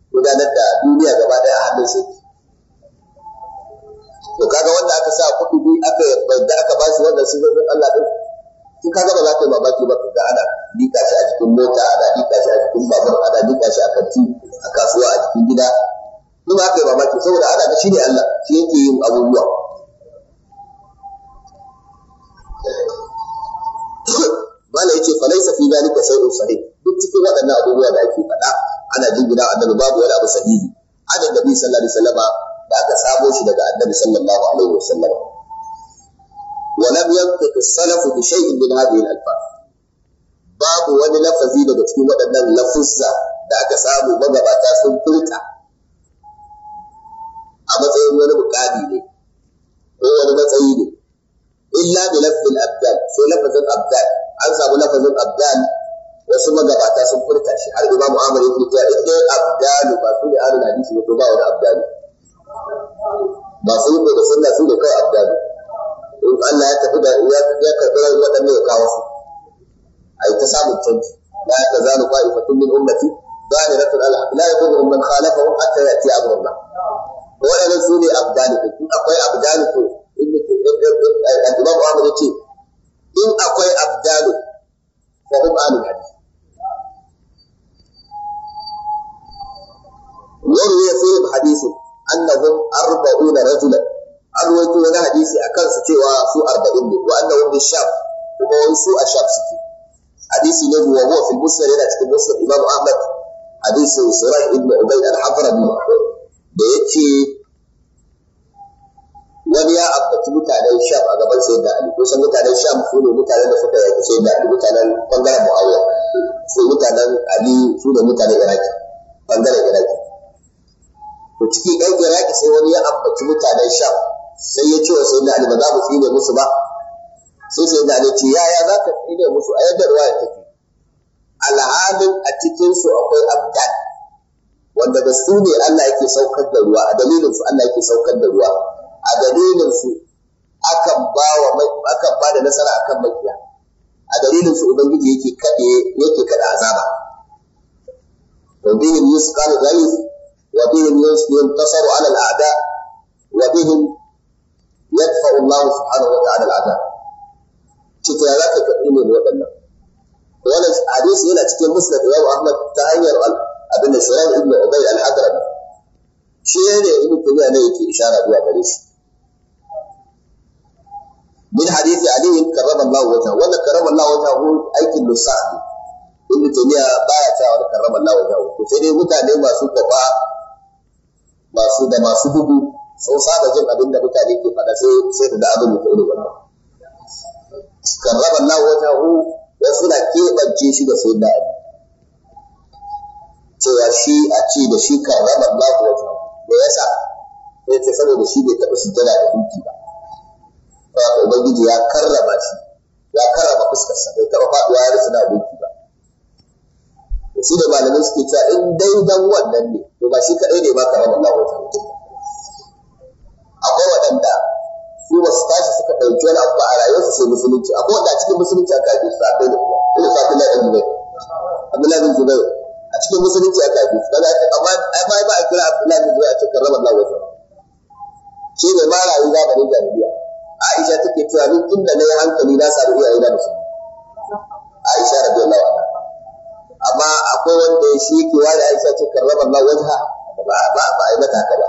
gudanar da duniya gaba ɗaya a hannun sai to kaga wanda aka sa kuɗi aka yarda aka ba shi wannan sirrin Allah din kin kaga ba za ka yi mamaki ba ka ga ana liƙa shi a jikin mota ana liƙa shi a jikin babur ana liƙa shi a kanti a kasuwa a jikin gida in ba ka yi mamaki saboda ana ga shi ne Allah shi yake yin abubuwa Allah ya ce falaisa fi dalika shay'un sahih duk cikin waɗannan abubuwa da ake faɗa ana jingina annabi babu wani abu sahihi anan sallallahu alaihi da aka shi daga annabi sallallahu alaihi wasallam wa lam yantiq as-salaf bi shay'in min hadhihi al-alfaz babu wani lafazi daga cikin waɗannan lafuzza da aka samu magabata sun furta a matsayin wani bukadi ne ko wani matsayi ne illa bi lafzil abdal sai lafazin abdal an samu lafazin abdan wasu magabata sun furta shi har imam Ahmad yake cewa in dai abdalu ba su ne ahlul hadisi ne to ba wani abdalu ba su yi da sunna su ne kai abdalu in Allah ya tafi da ya ya karbi ran ya kawo su ai ta samu canji la tazalu qa'ifatun min ummati zahiratul al-haq la yadurru man khalafahum hatta ya'ti amrullah wadannan su ne abdalu in akwai abdalu to in al-imam Ahmad yace in akwai abdalu da hukum alu hadisi wani ne fi hadisi annabin arba'u da rajula an wato wani hadisi a kan cewa su arba'in ne wa annabin bin kuma wani su a shaf suke hadisi ne zuwa wa fi musulmi yana cikin musulmi imam ahmad hadisi surah ibn ubaid al-hafra da yake mutanen sham a gaban sai da ali kusan mutanen sham su ne mutanen da suka yaki sai da ali mutanen bangaren muawiya su mutanen ali su ne mutanen iraki bangaren iraki to cikin ɗan iraki sai wani ya ambaci mutanen sham sai ya ce wa sai da ali ba za mu tsine musu ba sai sai da ali ce yaya za ka tsine musu a yadda ruwa take alhalin a cikinsu akwai abdan wanda da su ne Allah yake saukar da ruwa a dalilin su Allah yake saukar da ruwa a dalilin su ba wa akan ba da nasara akan makiya a dalilin su ubangiji yake kade yake kada azaba wa bihim yusqa al-ghayth wa bihim yuntasaru ala al wa bihim yadfa Allah subhanahu wa ta'ala al-a'da cita ya zaka kadi ne wadannan wannan hadisi yana cikin musnad Imam Ahmad ta hanyar abin da Shuraih ibn Ubay al-Hadrami shi ne ibn Tabi'a ne yake isharar zuwa gare shi min hadisi ali karrama Allah wajha wannan karrama Allah wajha ko aikin lusa ne ibn taymiya baya ta wani karrama Allah wajha to sai dai mutane masu gaba masu da masu bugu sun saba jin abin da mutane ke faɗa sai sai da abin da irin wannan karrama Allah wajha wasu na keɓance shi da sayyidina ali cewa shi a ce da shi karrama Allah me yasa sai ta saboda shi bai taɓa sujjada da duki ba ubangiji ya karraba shi ya karraba fuskar sa bai taba faduwa ya rasa na aboki ba to shi da malamai suke cewa in dai dan wannan ne to ba shi kadai ne ba karama Allah wata akwai waɗanda su ba su tashi suka ɗauki wani abu a rayuwarsu sai musulunci akwai wanda a cikin musulunci aka haife su bai da kuma irin sa Abdullahi bin Zubair Abdullahi bin Zubair a cikin musulunci aka haife su kaga amma amma ba a kira Abdullahi bin Zubair a cikin karama Allah wata shi ne ma rayu ne jami'a Aisha take cewa duk inda na yi hankali na samu yi na musulmi Aisha radiyallahu anha amma akwai wanda shi ke wani Aisha ce karrama Allah ha ba ba ba yi mata haka ba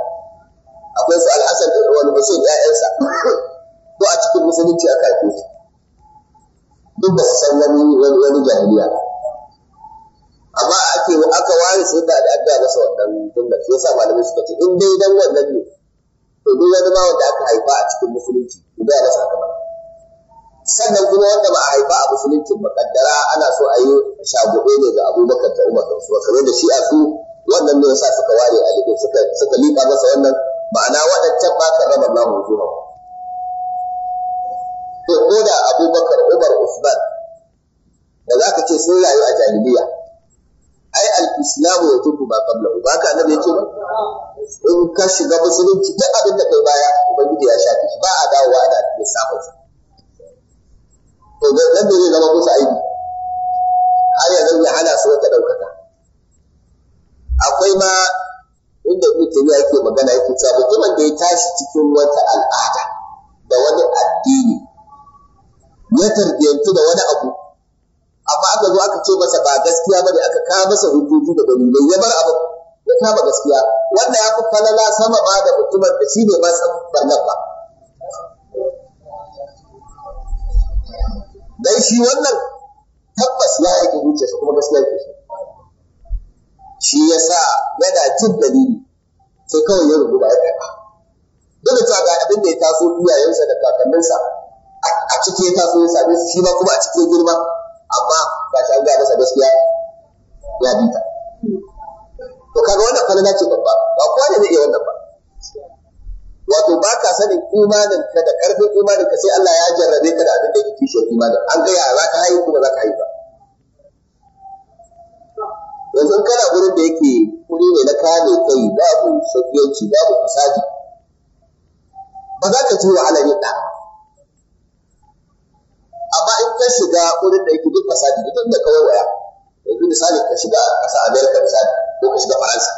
akwai su al'asar da wani yi 'ya'yansa ko a cikin musulunci aka haife su duk da san wani wani jahiliya amma ake aka ware sai da addu'a masa wannan tunda shi yasa malamai suka ce in dai dan wannan ne to duk wani ma wanda aka haifa a cikin musulunci sannan kuma wanda ba a haifa a musulunci makaddara ana so a yi shagube ne ga abubakar da umar su ba da shi a su wannan ne sa suka ware a liƙe suka liƙa masa wannan ma'ana waɗancan ba ka raba Allah zuwa to ko da abubakar umar usman da za ka ce sun rayu a jahiliya islamu ya tuku ba kabla ba ka annabi yake ba in ka shiga musulunci duk abin da kai baya ubangiji ya shafi shi ba a dawowa ya lissafin shi to nan ne zai zama musu aibi har yanzu ya hana su wata daukaka akwai ma inda ibnu tabiya yake magana yake cewa mutumin da ya tashi cikin wata al'ada da wani addini ya tarbiyantu da wani abu amma aka zo aka ce masa ba gaskiya bane aka kawo masa hujjoji da dalilai ya bar abu ya kama gaskiya wannan ya fi falala sama ba da mutumin da shi ne ba san ba dai shi wannan tabbas ya aiki zuciyarsa kuma gaskiya yake shi shi yasa yana jin dalili sai kawai ya rubuta ya karɓa dole ta ga abin da ya taso iyayensa da kakanninsa a cikin ya taso ya same su shi ma kuma a cikin girma amma ba shi an gaya masa gaskiya ya bi ta to kaga wannan na ce babba ba kowa ne zai iya wannan ba wato ba ka sanin imanin ka da karfin imanin ka sai Allah ya jarrabe ka da abin da yake kishiyar imanin an gaya za ka haihu kuma za ka haihu ba yanzu kana gurin da yake kuri ne na kame kai babu shakiyanci babu fasadi ba za ka ci wahalar yin amma in ka shiga wurin da yake duk fasadi duk da ka waya yanzu misali ka shiga ƙasa amerika misali ko ka shiga faransa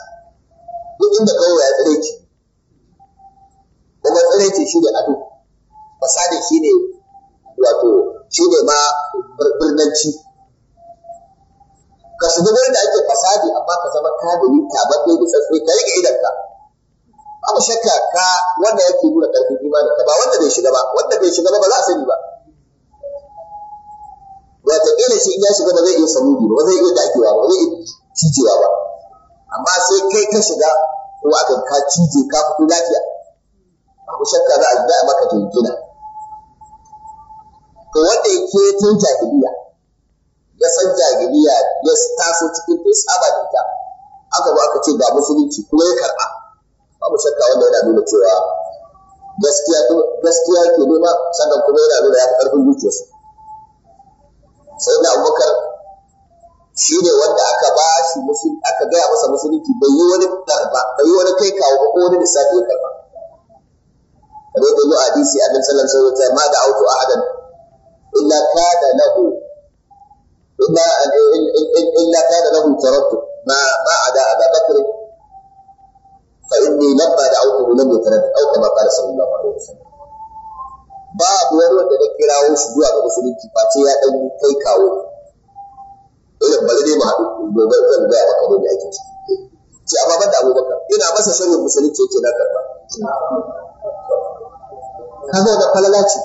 duk inda ka waya ki kuma tsiraici shi ne abu fasadi shi ne wato shi ne ma birnanci ka shiga wurin da ake fasadi amma ka zama ka kadiri ta da tsatsai ka rike ka abu shakka ka wanda yake nuna karfin imani ka ba wanda bai shiga ba wanda bai shiga ba ba za a sani ba dole ce in ya shiga ba zai iya sanudi ba zai iya dakewa ba zai iya cicewa ba amma sai kai ka shiga ko aka ka cije ka fito lafiya ku shakka za a za a maka jinkina to wanda yake tun jahiliya ya san jahiliya ya taso cikin ta saba da ita aka ba aka ce ba musulunci kuma ya karba babu shakka wanda yana nuna cewa gaskiya gaskiya ke nema sannan kuma yana nuna ya fi karfin zuciyarsa sai na abubakar shi ne wanda aka ba shi aka gaya masa musulunci bai yi wani karba bai yi wani kai kawo ko wani lissafi ya karba kamar da yi a hadisi annabi sallallahu alaihi ma da auto ahadan illa kada lahu illa illa kada lahu tarattu ma ma ada aba bakr fa inni lamma da'awtuhu lam yataraddu aw kama qala sallallahu alaihi wasallam babu wani wanda na kirawo shi zuwa ga musulunci ba ce ya ɗan kai kawo irin ba zai mu haɗu gobe zan gaya maka ne ake ciki ce amma ban da abubakar ina masa shirin musulunci yake na karɓa ka zo da falala ce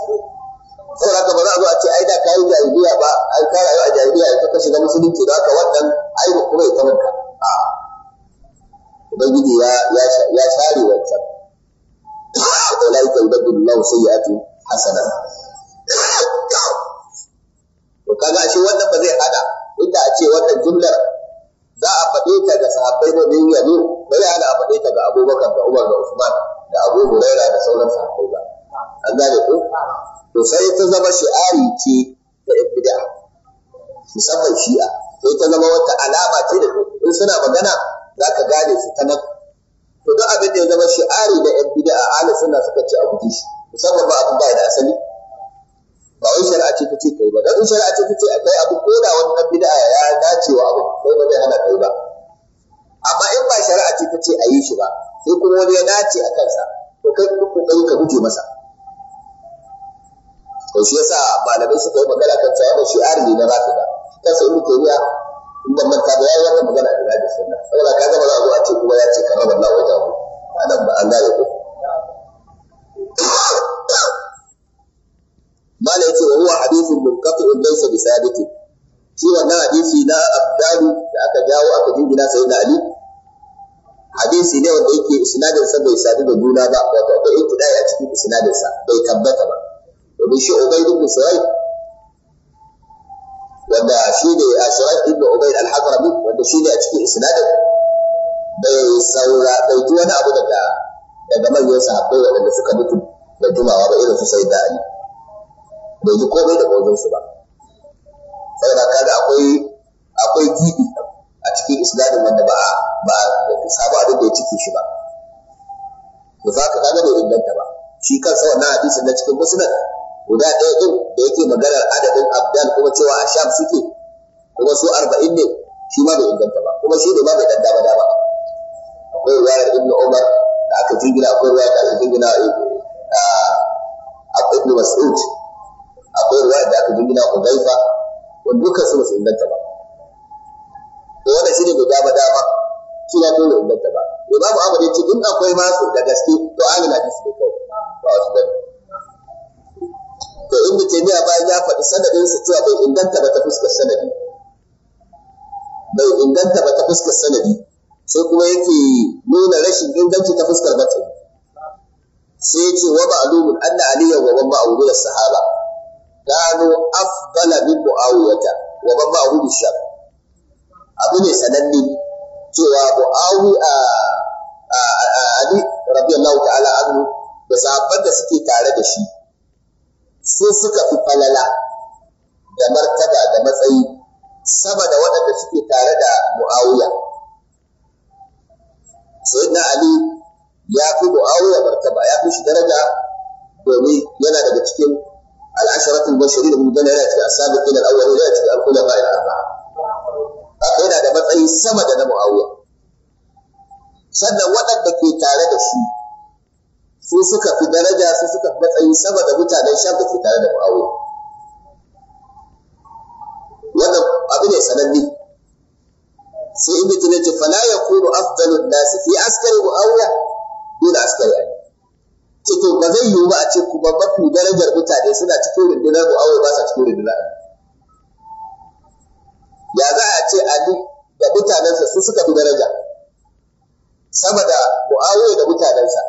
saboda haka ba za a zo a ce ai da kayi jahiliya ba an ka rayu a jahiliya yanzu ka shiga musulunci da haka wannan ai ba kuma ya manka. a ubangiji ya ya share wancan ulaika yubaddilu ya sayyi'atihim hasana to kaga shi wannan ba zai hada inda a ce wannan jumlar za a faɗe ta ga sahabbai da bin yami ba zai hada a faɗe ta ga abubakar da umar da usman da abu huraira da sauran sahabbai ba an gane ko to sai ta zama shi'ari ce da ibda musamman shi'a sai ta zama wata alama ce da in suna magana za ka gane su ta nan to duk abin da ya zama shi'ari da yan a ahli suna suka ce a guji shi musamman ba abin ba da asali ba wai shari'a ce ta ce kai ba dan in shari'a ce ta ce akwai abin ko da wani dan bid'a ya dace wa abu ko ba zai hana kai ba amma in ba shari'a ce ta ce a yi shi ba sai kuma wani ya dace a kansa to kai duk kokari ka guje masa to shi yasa malamai suka yi magana kan cewa shi arni na ba? kansa ibnu taymiya inda manta ba yayi wannan magana da rafida sunna saboda ka ga ba za a zo a ce kuma ya ce karama Allah ba anan ba an gane ko laysa bi sabitin shi wannan hadisi na abdalu da aka jawo aka jingina sai da ali hadisi ne wanda yake isnadin sa bai sadu da juna ba wato yake da a cikin isnadin sa bai tabbata ba domin shi ubayd ibn sa'id wanda shi ne a suhaib ibn ubayd al-hadrami wanda shi ne a cikin isnadin bai saura bai ji wani abu daga daga manyan sahabbai waɗanda suka mutu da jimawa ba irin su sai da ali bai ji komai daga wajensu ba kaga akwai akwai gibi a cikin isnadin wanda ba ba sabu abin da ya ciki shi ba to ka kaga bai inganta ba shi kansa wannan hadisin na cikin musnad guda ɗaya ɗin da yake maganar adadin abdal kuma cewa a sham suke kuma su arba'in ne shi ma bai inganta ba kuma shi ne ma bai danda ba dama akwai riwayar ibn umar da aka jingina akwai riwayar da aka jingina eh, a ah, Ibn mas'ud akwai riwayar da aka jingina hudaifa ko dukkan su ba su inganta ba to wannan shine guda ba dama shi ya kai inganta ba imamu ahmad ya ce in akwai masu da gaske to ji su ne kawai ba wasu bane to ibnu taymiya bayan ya faɗi sanadin su cewa bai inganta ba ta fuskar sanadi bai inganta ba ta fuskar sanadi sai kuma yake nuna rashin inganci ta fuskar batun sai ya ce wa ma'lumun anna aliyan wa man ma'lumun sahaba gano afdala min mu'awiyata wa ban ma'ahu bi shar abu ne sananne cewa mu'awi a ali radiyallahu ta'ala anhu da sahabban da suke tare da shi su suka fi falala da martaba da matsayi sama da waɗanda suke tare da mu'awiya na ali ya fi mu'awiya martaba ya fi shi daraja domin yana daga cikin العشرة المبشرين بالجنة يأتي السابقين الأولين يأتي الخلفاء الأربعة haka yana da matsayi sama da na Muawiya sannan waɗanda ke tare da shi su suka fi daraja su suka fi matsayi sama da mutanen sham da ke tare da Muawiya wannan abu ne sananne sai in ibnu tunaji fala yakunu afdalun nasi fi askari Muawiya dun askari Ali ce to ba zai yiwu ba a ce kuma mafi darajar mutane suna cikin rundunar mu'awar ba sa cikin rundunar ya za a ce ali da mutanensa su suka fi daraja sama da mu'awai da mutanensa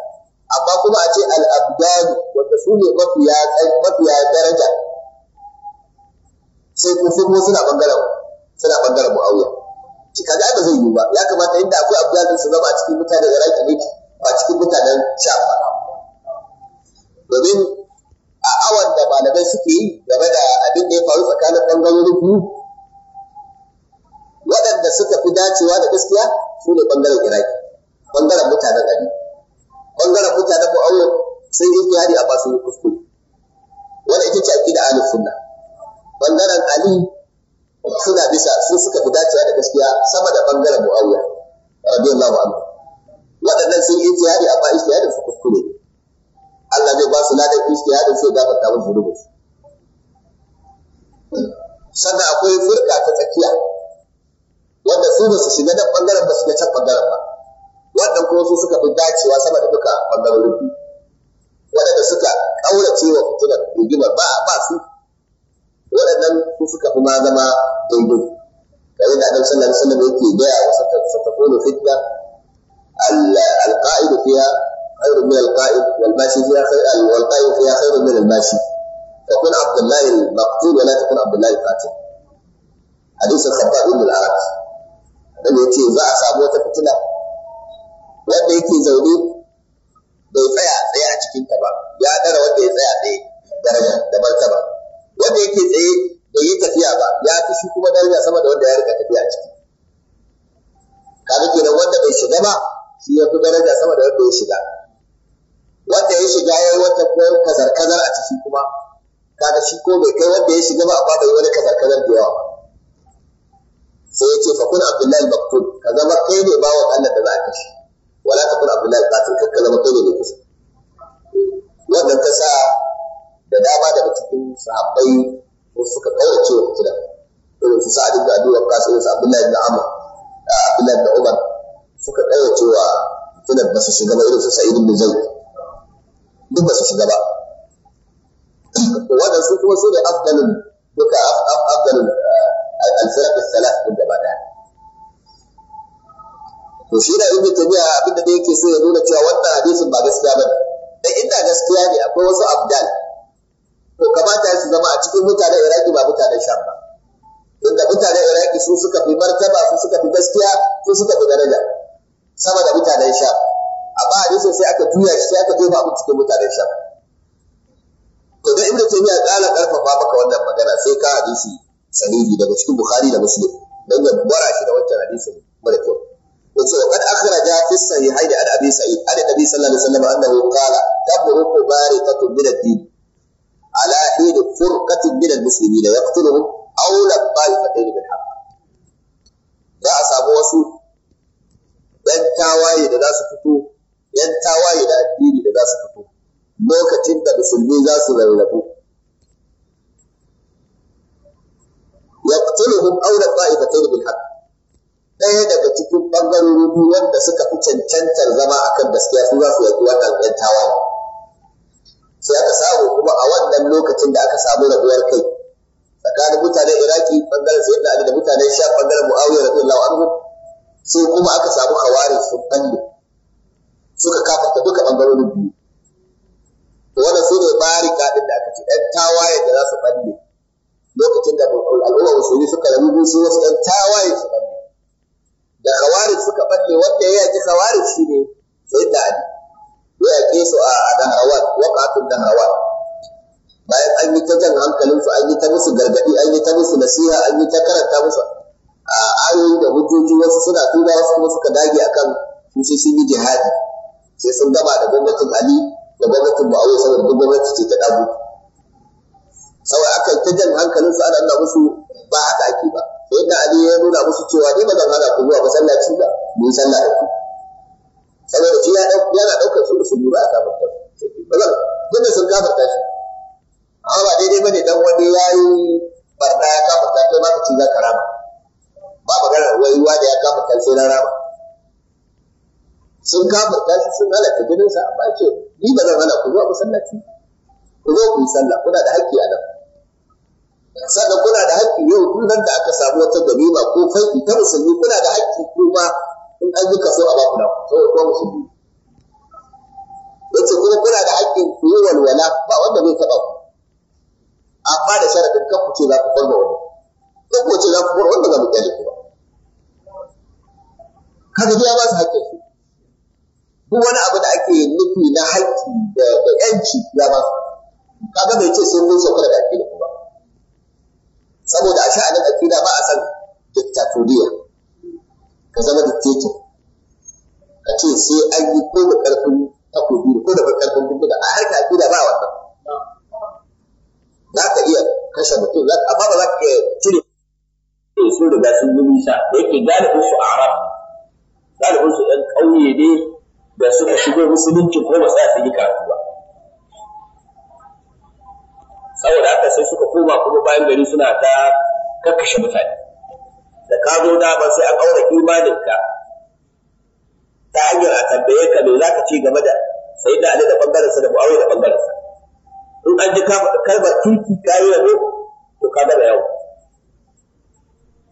amma kuma a ce al'abdani wanda su ne mafiya daraja sai kuma suna bangaren suna bangaren mu'awai cika ga ba zai yiwu ba ya kamata inda akwai abdani su zama a cikin mutanen iraki ne ba cikin mutanen shafa. domin a awan da malamai suke yi game da abin da ya faru tsakanin ɓangarorin biyu waɗanda suka fi dacewa da gaskiya su ne ɓangaren iraki ɓangaren mutanen ali ɓangaren mutanen mu'awiyar sun yi jihari a basu yi kuskure wanda ita ce aƙida ahlus sunna ɓangaren ali suna bisa sun suka fi dacewa da gaskiya sama da ɓangaren mu'awiyar radiyallahu anhu waɗannan sun yi a amma jihari su kuskure ne Allah zai ba su ladan ijtihadin sai ta musu zunubin su sannan akwai furka ta tsakiya wanda su ba su shiga da bangaren ba su ga can bangaren ba wannan kuma su suka fi dacewa sama da duka bangarorin biyu waɗanda suka ƙaurace wa fitinar rigimar ba ba su waɗannan su suka fi ma zama daidai kamar da annabi sallallahu alaihi wasallam yake gaya wa satakunu fitna al-qa'idu fiha خير من القائد والباشي فيها خير والقائد فيها خير من الباشي فكن عبد الله المقتول ولا تكن عبد الله القاتل حديث الخطاب بن العرب dan yace za a samu wata fitila wanda yake zaune bai tsaya tsaye a cikin ta ba ya dara wanda ya tsaya tsaye daraja da martaba wanda yake tsaye bai yi tafiya ba ya fi kuma daraja sama da wanda ya rika tafiya a ciki kaga kenan wanda bai shiga ba shi ya fi daraja sama da wanda ya shiga wanda ya shiga ya yi wata kazar kazar a ciki kuma kaga shi ko bai kai wanda ya shiga ba ba da wani kazar kazar da yawa sai ya ce fa kun abdullahi maktul ka zama kai ne bawan Allah da za a kashe wala ka kun abdullahi qatil kar ka zama kai ne mai kusa wannan ta sa da dama daga cikin sahabbai suka kaurace wa kira irin su sa'ad da abi kasu irin su abdullahi da amr ah, abdullahi da umar suka kaurace wa kira ba su shiga ba irin su sa'id da zai duk ba su shiga ba su kuma su ne afdalin duka afdalin eh, alfirat salat din gaba daya to shi da ibnu tabiya abinda da yake so ya nuna cewa wannan hadisin ba gaskiya bane dan inda gaskiya ne akwai wasu abdal to kamata su zama a cikin mutanen iraki ba mutanen sham ba tunda mutanen iraki su suka fi martaba su suka fi gaskiya su suka fi daraja sama da mutanen sham amma hadisin sai aka juya shi sai aka jefa mu cikin mutanen sham to dan ibnu taymiya kala karfafa maka wannan magana sai ka hadisi sahihi daga cikin bukhari da muslim dan ya gwara shi da wancan hadisin mara kyau yace wa kad akhraja fi sahihayn da abi sa'id an nabi sallallahu alaihi wasallam annahu qala tabruku barikatun min ad-din ala hid furqatin min al-muslimin yaqtuluhum awla ta'ifatayn bil haqq za a samu wasu ɗan tawaye da za su fito yan tawaye da addini da za su fito lokacin da musulmi za su rarrabu yaqtuluhum awla ta'ifatayn bil haqq ɗaya daga cikin ɓangarorin biyu wanda suka fi cancantar zama akan gaskiya su za su yaƙi wannan yan tawaye sai aka samu kuma a wannan lokacin da aka samu rabuwar kai tsakanin mutanen iraki bangaren sayyid da ali da mutanen sha bangaren muawiya radiyallahu anhu sai kuma aka samu khawarij sun balle suka kafarta duka ɓangarorin biyu wanda su ne bari kaɗin da aka ce ɗan tawaye da za su ɓalle lokacin da al'umma musulmi suka rabu biyu su wasu ɗan tawaye su ɓalle da khawarij suka ɓalle wanda ya yaƙi khawarij shi ne sai da ali ya yaƙe su a dahawar waƙatun dahawar bayan an yi ta jan hankalinsu an yi ta musu gargaɗi an yi ta musu nasiha an yi ta karanta musu a ayoyi da hujjoji wasu suna tuba wasu kuma suka dage akan su sun yi jihadi sai sun gama da gwamnatin ali da gwamnatin ba'awai saboda duk gwamnati ce ta dago Sau aka ta jan hankalin su ana nuna musu ba haka ake ba sai da ali ya nuna musu cewa ni ba zan hana ku zuwa masallaci ba mun sallah da ku saboda shi yana ɗaukar su su ba a kafarta ba zan duk sun kafarta shi amma ba daidai ne dan wani yayi barna ya kafarta kai ma ka ci za ka rama ba magana wai da ya ta sai na rama sun kafirta tashi sun halatta jininsa amma ce ni ba zan hana ku zuwa masallaci ku zo ku yi sallah kuna da haƙƙi a nan sannan kuna da haƙƙi yau tun nan da aka samu wata ganima ko fanki ta musulmi kuna da haƙƙi kuma in an yi kaso a ba ku na ku ko musulmi yace kuma kuna da haƙƙi ku yi walwala ba wanda zai taɓa ku amma da sharaɗin kan ku ce za ku farma wani kan ku ce za ku farma wanda za mu kyale ku ba kaga dai ya ba su haƙƙin su duk wani abu da ake nufi na haƙƙi da yanci ya ba su kaga bai ce sai mun sauka da aƙida ba saboda a sha'anin aƙida ba a san diktatoriya ka zama dictator ka ce sai an yi ko da ƙarfin takobi ko da ƙarfin bindiga a harka aƙida ba wannan za ka iya kashe mutum amma ba za ka iya cire sun riga sun yi nisa da yake galibin su arab galibin su ɗan ƙauye ne da suka shigo musulunci ko ba sa su yi karatu ba saboda haka sai suka koma kuma bayan gari suna ta kakkashe mutane da ka zo da ba sai a kaura imaninka ta hanyar a tambaye ka me za ka ci game da sai da ali da sa da muawiya da sa in an ji kalmar kirki ka yi rabo to ka gaba yau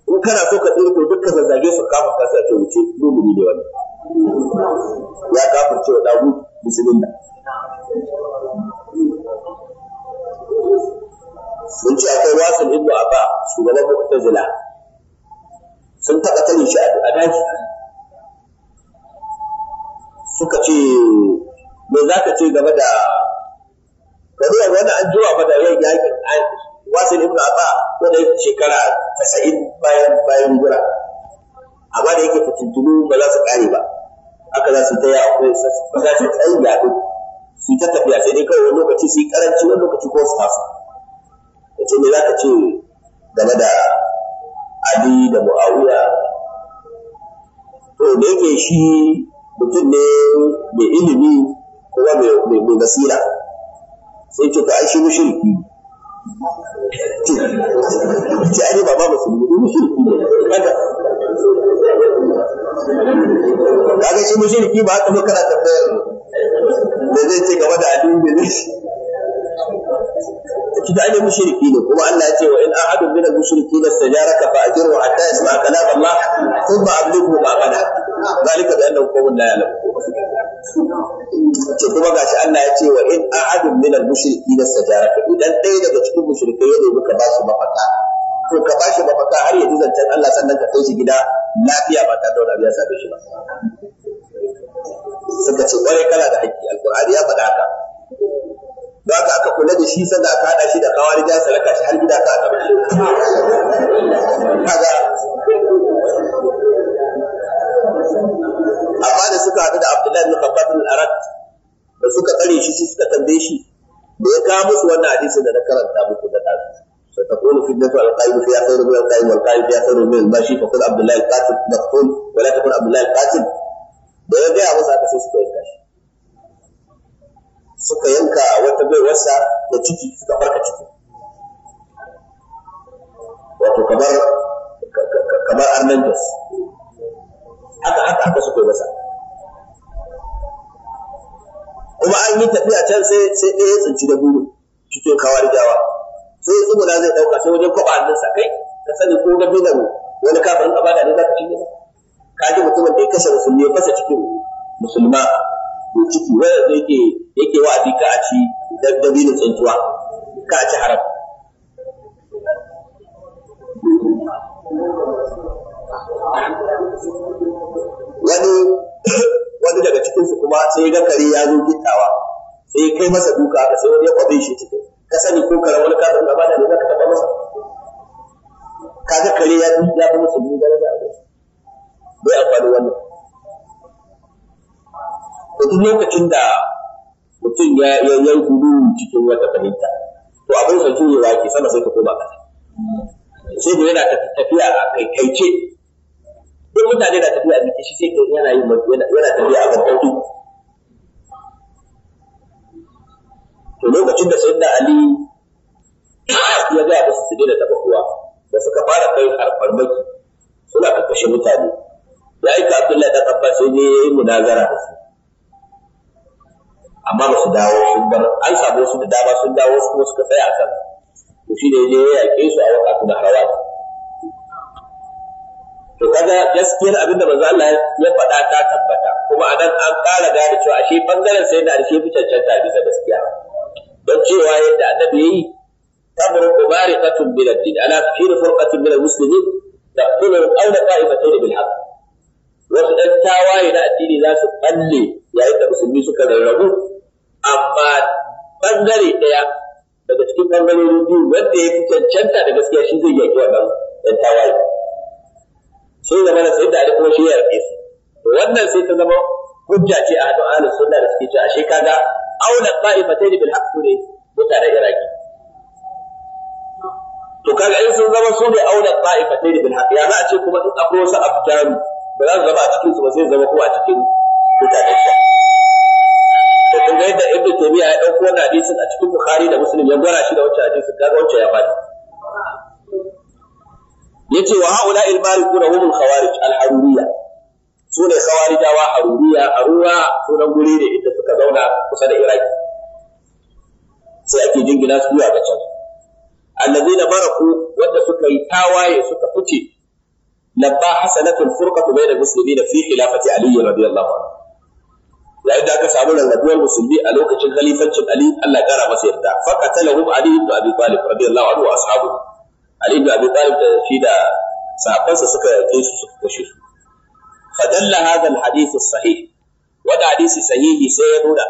in kana so ka tsirko dukkan zazzage su kafa kasa ta wuce mumuni ne wannan ya kafirce wa dagu da. mun ce akwai wasan ibnu abba shugaban mu'tazila sun taɓa tare shi a daji suka ce me za ka ce game da kariyar wani an jiwa fa da yau yakin wasan a ba ko ya shekara 90 bayan bayan jira amma da yake fitintunu ba za su kare ba haka za su taya akwai za su tsayi yaɗo su ta tafiya sai dai kawai wani lokaci su yi karanci wani lokaci ko su tafi da ce ne za ka ce game da ali da mu'awiya to da yake shi mutum ne mai ilimi kuma mai basira sai ce to an shi mushriki ce ai ba ba musulmi mushriki ne kaga shi mushriki ba haka muka tambayar da zai ce game da adin da zai kita ne mushriki ne kuma Allah ya ce wa in ahadun min al-mushriki lastajaraka fa ajirhu hatta yasma'a kalam Allah thumma ablighu ma'amala zalika bi annahu qawlun la ya'lam ce kuma gashi Allah ya ce wa in ahadun min al-mushriki lastajaraka idan ɗaya daga cikin mushrikai ya nemi ka ba su mafaka to ka bashi mafaka har ya zancen Allah sannan ka kai shi gida lafiya ba tare da wani ya same shi ba Saka ce kwarai kana da haƙƙi alkur'ani ya faɗa haka don haka aka kula da shi sannan aka haɗa shi da kawari da ya salaka shi har gida ka a bashi kaga amma da suka haɗu da Abdullahi bin Khabbab bin Arat da suka tsare shi suka tambaye shi da ya kawo musu wannan hadisin da na karanta muku da ɗazu فتكون فتنة القائم فيها خير من القائم والقائم فيها خير من الماشي فقل عبد الله القاتل مقتول ولا تكن عبد الله القاتل da ya gaya masa haka sai suka yanka shi suka yanka wata wasa da ciki suka farka ciki wato kamar kamar arnandas haka haka haka suka yi masa kuma an yi tafiya can sai sai ɗaya ya tsinci da buru cikin kawar gawa sai tsuguna zai ɗauka sai wajen kwaɓa sa kai ka sani ko ga bidan wani kafin ka bada ne za ka ci ne ka ji mutumin da ya kashe musulmi ya fasa cikin musulma ko ciki wanda zai ke yake wa'azi ka a ci dabbabinin tsuntuwa ka a ci haram wani wani daga cikinsu kuma sai ga kare ya zo gittawa sai kai masa duka aka sai wani ya kwabe shi cikin ka sani ko kare wani kafin gaba da ne za ka taba masa kaga kare ya ya fi musulmi daraja a gurin bai amfani wannan da duk lokacin da mutum ya ya ya gudu cikin wata fahimta to abin sa yawa ke sama sai ka koma ka sai da yana tafiya a kai kai ce duk mutane na tafiya a biki shi sai yana yin yana tafiya a gaban to lokacin da sayyidina ali ya ga da su da taba kowa da suka fara kai harfarmaki suna kakkashe mutane ya yi ka abdullahi da kafa sai ne ya yi munazara da su amma ba su dawo sun bar an samu su da dama sun dawo su kuma suka tsaya kan, to shi ne ya yaƙe su a wakatu da harawa to kaga gaskiyar abin da manzo Allah ya faɗa ta tabbata kuma anan an ƙara gane cewa ashe bangaren sai da shi bi cancanta bisa gaskiya don cewa yadda annabi yayi tabruqu bariqatun bil din ala fi furkatun min musulmi da kulun auna la qa'ibatayn bil haqq wasu ɗan tawaye na addini za su ɓalle yayin da musulmi suka rarrabu amma ɓangare ɗaya daga cikin ɓangarorin biyu wanda ya fi cancanta da gaskiya shi zai yaƙi wannan ɗan tawaye sai zama na sai da ali kuma shi ya yaƙe su wannan sai ta zama hujja ce a hannun ahlus sunna da suke cewa ashe kaga aula qa'ifatayn bil haqq ne mutanen iraki to kaga in sun zama su ne aula qa'ifatayn bil haqq ya za a ce kuma in akwai wasu abdaru ba za su zama a cikin su ba sai zama ko a cikin mutanen sha to kun ga yadda ibnu taymiya ya dauko wannan hadisin a cikin bukhari da muslim ya gwara shi da wancan hadisin kaga wancan ya fadi yace wa haula al-bariquna hum al-khawarij al-haruriyya su ne a khawarijawa haruriya harura sunan guri ne inda suka zauna kusa da iraki sai ake jingina su zuwa ga can allazina baraku wanda suka yi tawaye suka fice labba hasanatul furqatu bainal muslimina fi khilafati ali radiyallahu anhu yayin da aka samu rarrabuwar musulmi a lokacin khalifancin ali Allah ya kara masa yarda faqatalahum ali ibn abi talib radiyallahu anhu wa ashabu ali ibn abi talib da shi da sahabbansa suka yake su suka kashe su fadalla hadha alhadith as-sahih wanda hadisi sahihi sai ya nuna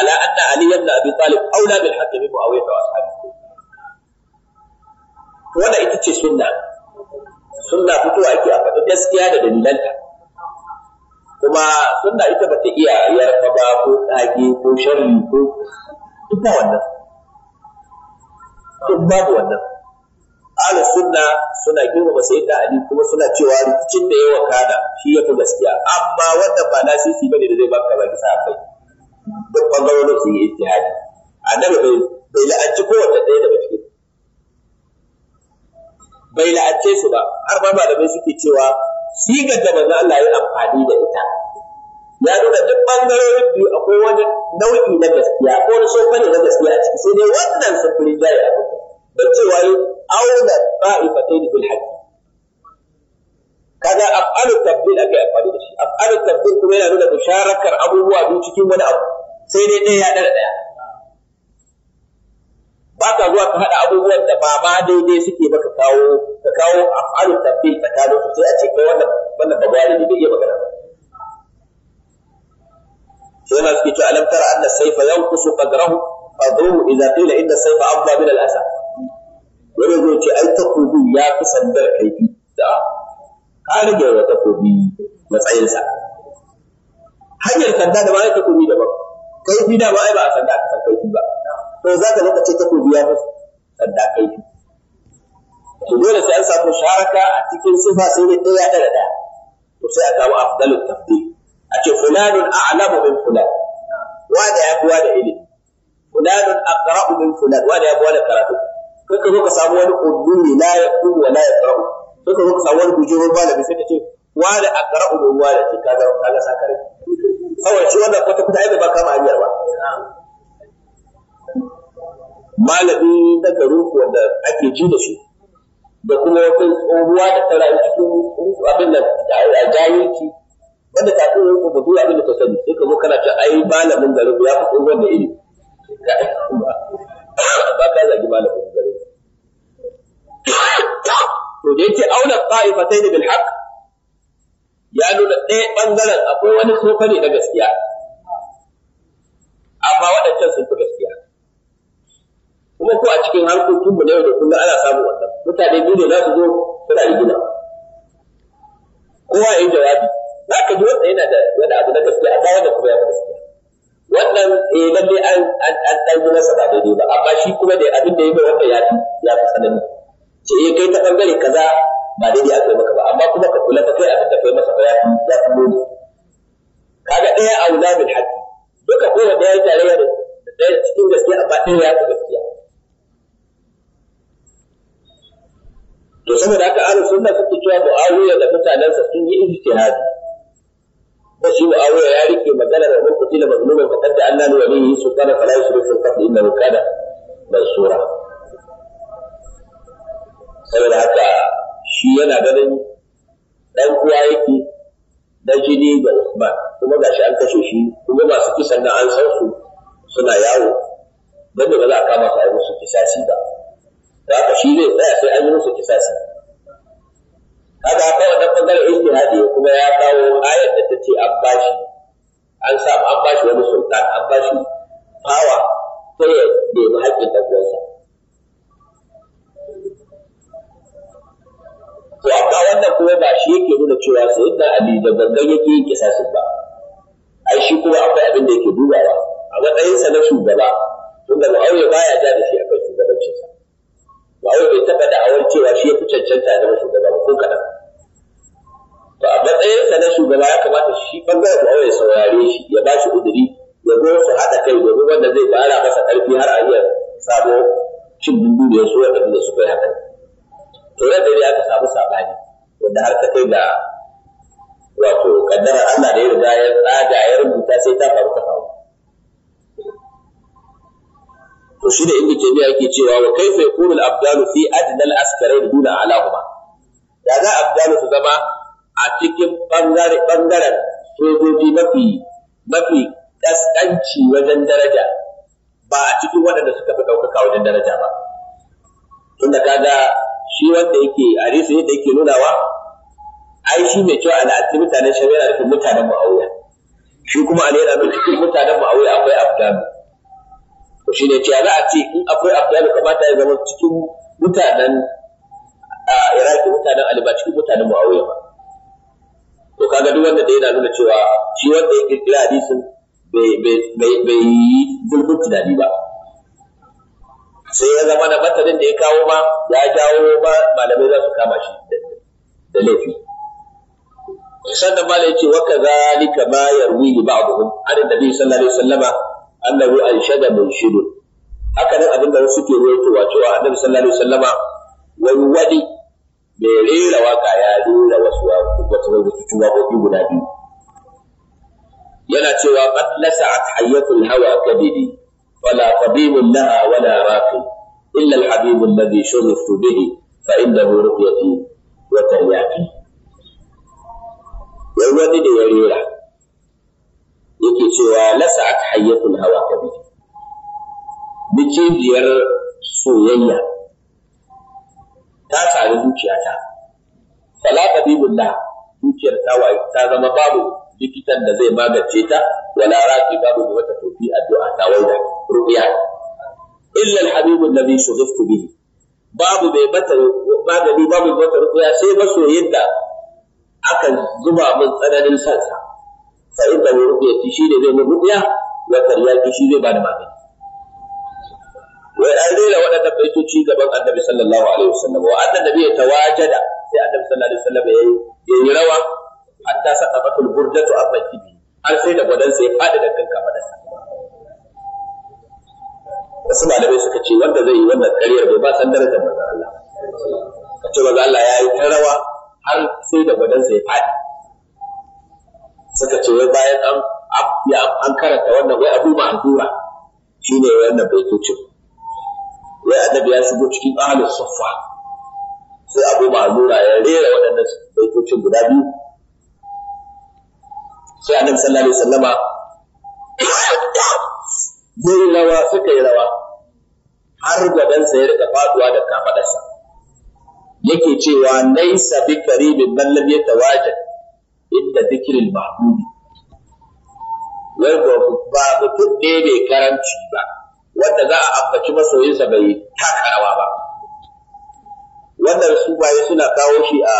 ala anna ali ibn abi talib aula bil haqqi min muawiya wa ashabihi wanda ita ce sunna sunna fitowa ake a faɗi gaskiya da dalilanta kuma sunna ita bata iya yarfa ba ko ko ko wannan babu wannan ahlus sunna suna girmama sayyidina ali kuma suna cewa rikicin da ya wakana shi ya fi gaskiya amma wanda ba sisi bane da zai baka bisa kai duk bangarorin su yi ijtihadi annabi bai bai la'anci kowace ɗaya daga cikin bai la'ance su ba har ma malamai suke cewa shi ga da manzo Allah ya amfani da ita ya nuna duk bangarorin biyu akwai wani nau'i na gaskiya ko wani sofani na gaskiya a ciki sai dai wannan sun fi rinjaye a cikin don cewa yi auna ta'ifatai da bil haqqi kaga af'alu tabdil ake amfani da shi af'alu tabdil kuma yana nuna musharakar abubuwa biyu cikin wani abu sai dai ɗaya ya ɗara ɗaya ba ka zuwa ka haɗa abubuwan da ba ma daidai suke ba ka kawo ka kawo af'alu tabdil tsakanin su sai a ce kai wannan wannan ba gwari ne bai iya magana ba sai yana suke cewa alam tara anna sayfa yanqusu qadrahu fadhu idza qila inna sayfa afdha min al-asa wani zai ce ai takobin ya fi sandar kaifi da ka rage wa takobi matsayinsa hanyar sanda da ba ya takobi daban. kaifi da ba ai ba a sanda aka san kaifi ba to za ka zaka ce takobi ya fi sanda kaifi to dole sai an samu sharaka a cikin sifa sai ne ɗaya ɗaya ɗaya to sai a kawo afdalul tafdil a ce fulanun a'lamu min fulan da ya fi wa wanda ilimi fulanun aqra'u min fulan da ya fi wa da karatu ko ka zo ka samu wani ƙudu ne na ya ƙudu wa na ya qara'u ko ka zo ka samu wani ƙudu bujuro da bisa ta ce wa da a qara'u ne da ke kaga kaga sakare kawai shi wannan kwata kwata ai ba kama hanyar ba malami na garu wanda ake ji da shi da kuma wata tsohuwa da ta rayu cikin rufu abin da a jahilci wanda ta kuma yanku babu abin da ta sani sai ka zo kana ta ai malamin garin ya fi tsohuwar da iri ba ka zagi malamin garin to da yake aula ta'ifatai ne bil ya nuna ɗaya ɓangaren akwai wani sofa ne na gaskiya amma waɗancan sun fi gaskiya kuma ko a cikin harkokin mu na yau da kullum ana samun wannan mutane biyu ne za su zo suna rigina kowa ya yi jawabi za ka ji wanda yana da wani abu na gaskiya amma wanda kuma ya fi gaskiya wannan eh lalle an an an dan yi masa ba daidai ba amma shi kuma da abin da ya yi wannan ya ya fi sanani. ce ya kai ta bangare kaza ba daidai aka yi maka ba amma kuma ka kula ka kai abin da kai masa ba ya fi ya fi dole kaga ɗaya a wula min haƙƙi duka ko da ya yi tarayya da ɗaya cikin gaskiya a ɗaya ya fi gaskiya to saboda haka an sunna suke cewa muawiya da mutanensa sun yi ijtihadi ko shi muawiya ya rike magana da mun da da Allah ne wani yi su kana walihi sultana fala yusrif fil qatl innahu kana mansura saboda haka shi yana ganin dan uwa yake na jini da Usman kuma shi an kashe shi kuma masu kisan nan an san su suna yawo don da ba za a kama su a yi musu kisasi ba da haka shi zai tsaya sai an yi musu kisasi kaga haka wannan bangaren ijtihadi kuma ya kawo ayar da ta ce an bashi an samu an bashi wani sultan an bashi fawa sai ya nemi haƙƙin ɗan uwansa to amma wannan kuma ba shi yake nuna cewa sai da ali da gangan yake yin kisa su ba ai shi kuma akwai abin da yake dubawa a matsayinsa na shugaba tunda mu'awiya baya ja da shi akan shugabancinsa mu'awiya bai taɓa da'awar cewa shi ya fi cancanta da shugaba ba ko kaɗan to a matsayinsa na shugaba ya kamata shi bangaren mu'awiya ya saurare shi ya ba shi udiri ya zo su haɗa kai domin wanda zai fara masa ƙarfi har a iya samo cin dunduniyar su waɗanda su kai haka to da dai aka samu sabani wanda har ta kai ga wato kaddara Allah da ya riga ya tsada ya rubuta sai ta faru ta faru to shi da ke biya yake cewa wa kaifa yakunu al-abdalu fi adna al-askarayn duna alahuma da za abdalu su zama a cikin bangare bangaren sojoji mafi mafi kaskanci wajen daraja ba a cikin waɗanda suka fi ɗaukaka wajen daraja ba tunda kaga shi wanda yake a risa yadda yake wa ai shi mai cewa al'adun mutanen shari'a yana nufin mutanen ma'auya shi kuma ali yana cikin mutanen ma'auya akwai abdalu shi ne cewa za a ce in akwai abdalu kamata ya zama cikin mutanen a iraki mutanen alba cikin mutanen ma'auya ba to kaga duk wanda da yana nuna cewa shi wanda yake kira hadisin bai yi zurfin tunani ba sai ya zama na matsalin da ya kawo ma ya jawo ma malamai za su kama shi da laifi sannan ma yace wa kadhalika ma yarwi li ba'dhum an annabi sallallahu alaihi wasallama annahu anshada munshidu haka nan abinda wasu ke rawaitowa cewa annabi sallallahu alaihi wasallama wani wani mai rera waka ya rera wasu wata wani tutu waƙoƙi guda biyu yana cewa qad lasa'at hayyatul hawa kabidi ولا طبيب لها ولا راقي إلا الحبيب الذي شغفت به فإنه رقيتي وترياقي wani da ya rera yake cewa lasa aka hayyatul hawa ta bi biki biyar soyayya ta sami zuciyata fala tabibullah zuciyar ta ta zama babu likitan da zai magance ta wala raqi babu da wata tofi addu'a ta waida rubiya illa al-habibu alladhi shughiftu bihi babu mai mata magani babu bai bata rubiya sai masoyin da aka zuba min tsananin sansa fa inda rubiya shi ne zai rubiya wa taryaki shi zai bada magani wai an rera waɗannan baitoci gaban annabi sallallahu alaihi wasallam wa annabi ya tawajada sai annabi sallallahu alaihi wasallam ya yi rawa hatta saqabatul burdatu an rakibi har sai da gwadan sai faɗi da kanka madarsa wasu malamai suka ce wanda zai yi wannan ƙaryar bai ba san darajar manzon Allah ka ce Allah ya yi ta rawa har sai da gwadan sai faɗi suka ce wai bayan an an karanta wannan wai abu ma'azura shi ne wannan baitocin wai annabi ya shigo cikin ahlus suffa sai abu lura ya rera waɗannan baitocin guda biyu sai annabi sallallahu alaihi wasallama yi rawa suka yi rawa har gabansa ya rika faduwa da kafadarsa yake cewa naisa bi karibin man lam yatawajjad inda dhikril mahmud wanda ba mutum ne mai karanci ba wanda za a ambaci masoyinsa bai taka rawa ba wannan su baye suna kawo shi a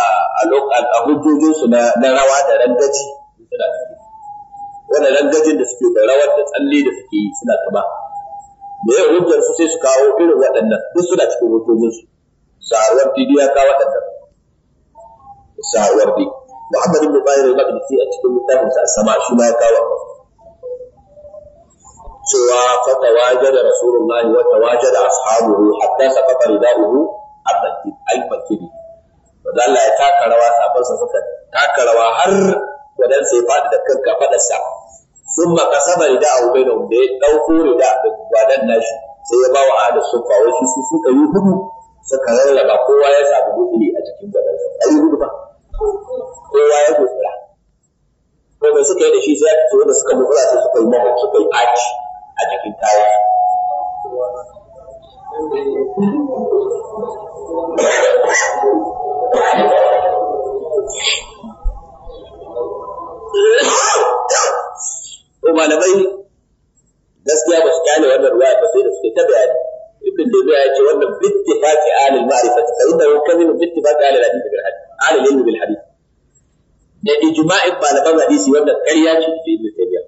a hujjojinsu na rawa da rangaji da rangajin da suke da rawar da tsalle da suke yi suna ta Me da yau hujjar su sai su kawo irin waɗannan duk suna cikin hujjojin su sa'awar didi ya kawo waɗannan sa'awar didi bin ibn da al sai a cikin littafin sa sama shi ma ya kawo cewa fa tawajada rasulullahi wa tawajada ashabuhu hatta safa ridahu abdul al-bakiri wanda Allah ya taka rawa sabansa suka taka rawa har wadan sai faɗi da kanka faɗarsa sun makasaba rida a ubai da wanda ya ɗauko rida da gwadan nashi sai ya ba wa ahli sufa su suka yi hudu suka rarraba kowa ya samu gutsiri a cikin gwadansa a yi hudu ba kowa ya gutsira ko suka yi da shi sai aka a cikin kayan Yeah. ko malamai gaskiya ba su kyale wannan ruwaya ba sai da suke ta bayani ibn taymiya ya ce wannan bittifaqi alil ma'rifati fa innahu kadhib bittifaqi alil hadith bil hadith alil ilm bil hadith da ijma'in malaman hadisi wannan ƙarya ce ta ibn taymiya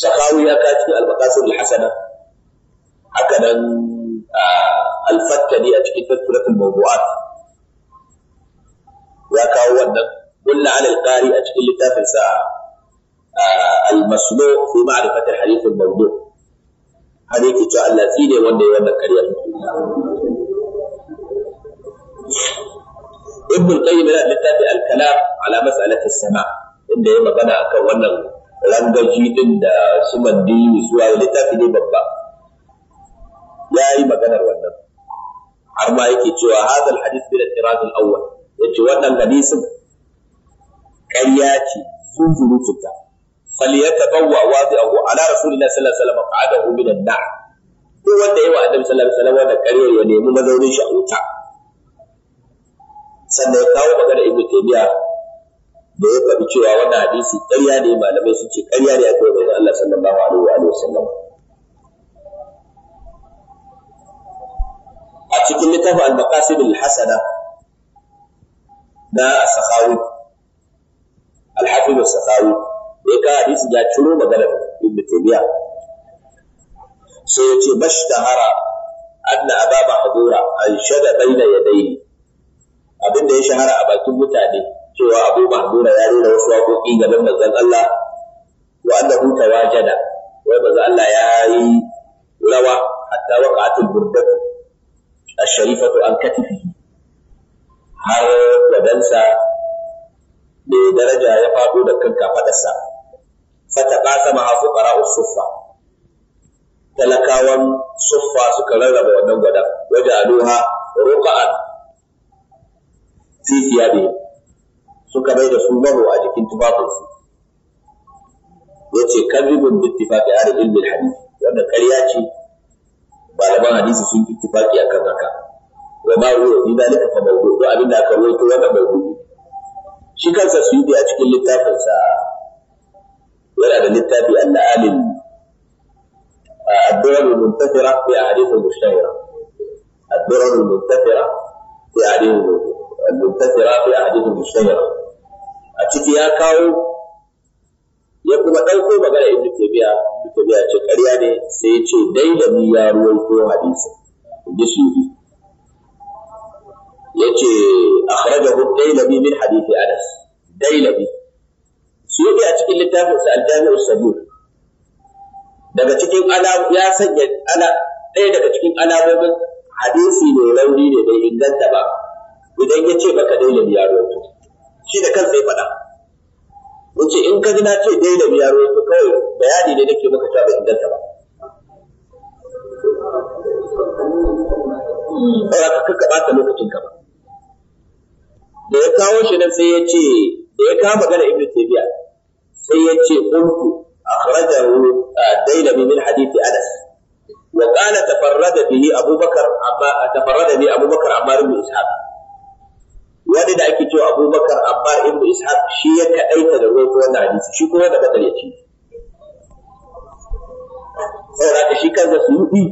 sakawi ya ka cikin al-maqasid al-hasana haka nan al-fattani a cikin tadkiratul mawdu'at ya kawo wannan kullu alal qari a cikin littafin sa al-maslu fi ma'rifati al-hadith al-mawdu har yake cewa Allah shi wanda ya wannan ƙarya ibn qayyim yana littafi al-kalam ala mas'alati as-sama inda ya magana akan wannan rangaji din da su mandini suwa littafi ne babba ya yi maganar wannan har ma yake cewa hada hadis bil tiratun awwal yace wannan hadisin ƙarya ce zunzurututa falyatabawwa wadi'ahu ala rasulillahi sallallahu alaihi wasallam qa'adahu min an-nar duk wanda yayi wa annabi sallallahu alaihi wasallam da ƙarya ya nemi mazaunin shi a wuta sannan ya kawo magana ibnu taymiya da ya faɗi cewa wannan hadisi ƙarya ne malamai sun ce ƙarya ne akai manzon Allah sallallahu alaihi wa sallam a cikin littafin al-maqasid al-hasana na as-sakhawi al-hafiz as-sakhawi da ka hadisi ya ciro maganar ibn taymiya sai ya ce bashtahara anna aba mahdura anshada baina yadayhi abin da ya shahara a bakin mutane cewa abu mahdura ya rera wasu waƙoƙi gaban manzon Allah wa annahu tawajada wai manzon Allah ya yi rawa hatta waqa'atul burdatu ash-sharifatu an katifihi har gadansa ne daraja ya faɗo da kan kafaɗarsa fataqasama fuqara usuffa talakawan suffa suka rarraba wannan gwada waje ruqa'an fi thiyabi suka bai da su maro a jikin tufafinsu yace kadhibun bi ittifaqi ahli ilmi al-hadith wanda ƙarya ce malaman hadisi sun ittifaqi akan haka wa ma ruwa fi dalika fa mawdu' abinda aka rawaito wannan mawdu' shi kansa su yi a cikin littafinsa yana da littafi al-alim الدرر المنتثرة في أحاديث المشتهرة الدرر المنتثرة في أحاديث المنتثرة في أحاديث المشتهرة أتيت يا كاو ya kuma ɗauko magana ibnu tabiya ibnu tabiya ce ƙarya ne sai ya ce dai da ni ya ruwaito hadisi inji su yi ya ce akhrajahu dai da min hadisi anas dai da shi ne a cikin littafin sa aljami'u sabir daga cikin ya sanya ala ɗaya daga cikin alamomin hadisi ne rauni ne bai inganta ba idan ya ce maka daina ya rawaito shi da kansa ya faɗa ce in ka ji na ce daina ya rawaito kawai bayani ne nake maka cewa bai inganta ba za ka kaka ɓata lokacin ka ba. Da ya kawo shi nan sai ya ce, da ya kawo magana Ibn Taymiyyah sai ya ce kuntu akhrajahu dailami ah, min hadithi anas wa qala tafarrada bihi abubakar amma ah, tafarrada bi abubakar ammar ibn ishaq wani da ake cewa abubakar ammar ibn ishaq shi ya kadaita da rawaito wannan hadisi shi kuma da badar ya ce saboda da shi kansa suyudi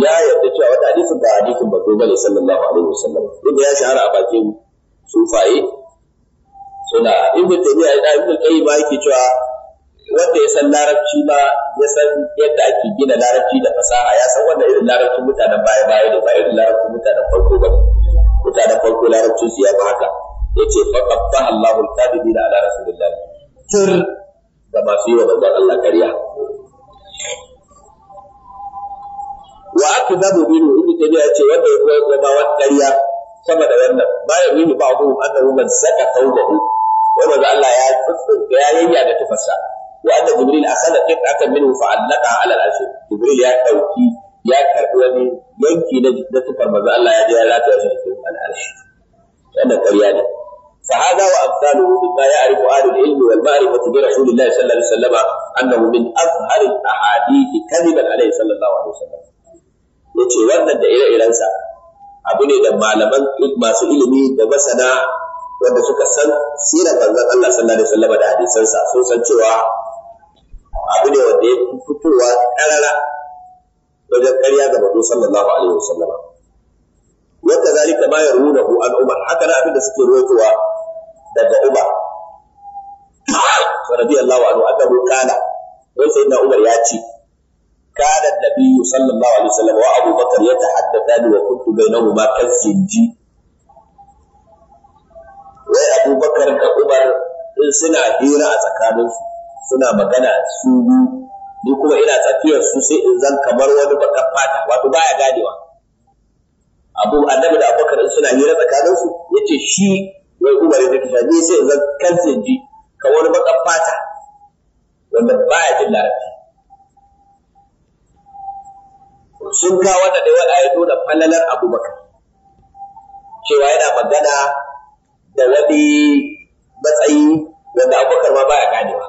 ya yarda cewa wata hadisin ba hadisin ba ko bane sallallahu alaihi wasallam duk da ya shahara a bakin sufaye suna ibn tabi'a da ibn qayyim ba yake cewa wanda ya san larabci ba ya san yadda ake gina larabci da fasaha ya san wanda irin larabcin mutanen baya baya da ba irin larabcin mutanen farko ba mutanen farko larabci su ya ba haka yace fa qabbaha Allahu al-kadibin ala rasulillah sir da masu yi wa manzon Allah kariya wa akdabu minhu ibn tabi'a ce wanda ya kuma ba wa kariya sama da wannan baya mini ba'dhum annahu man zaka qawluhu wai manzo Allah ya tsintsinka ya yayya da tufarsa wa anna jibril akhadha qit'atan minhu fa allaqaha ala al jibril ya dauki ya karbi wani yanki na tufar manzo Allah ya je ya rataya shi cikin al-arsh wannan ƙarya ne فهذا وأمثاله مما يعرف أهل العلم والمعرفة برسول الله صلى الله عليه وسلم أنه من أظهر الأحاديث كذبا عليه صلى الله عليه وسلم yace wannan da ire-irensa abu ne da malaman masu ilimi da masana wanda suka san sirar manzon Allah sallallahu alaihi wasallam da hadisansa sun san cewa abu ne wanda ya fitowa karara wajen ƙarya ga manzo sallallahu alaihi wasallam wa kadhalika ma yarunahu an umar haka na abin da suke ruwaitowa daga umar radiyallahu anhu annahu kana wai sayyidina umar ya ce kana nabiyyu sallallahu alaihi wasallam wa abubakar yatahaddathani wa kuntu bainahuma kazzinji abubakar da umar suna hira a tsakaninsu suna magana su ni kuma ina tsakiyar su sai in zan kamar wani bakar fata wato baya ganewa abu annabi da abubakar suna hira tsakaninsu ya ce shi wai umar ya kisha ni sai in zan kansa ji ka wani bakar fata wanda baya jin larabci sun kawo da wani ayyado da falalar abubakar cewa yana magana da wani matsayi wanda abubakar ma baya ganewa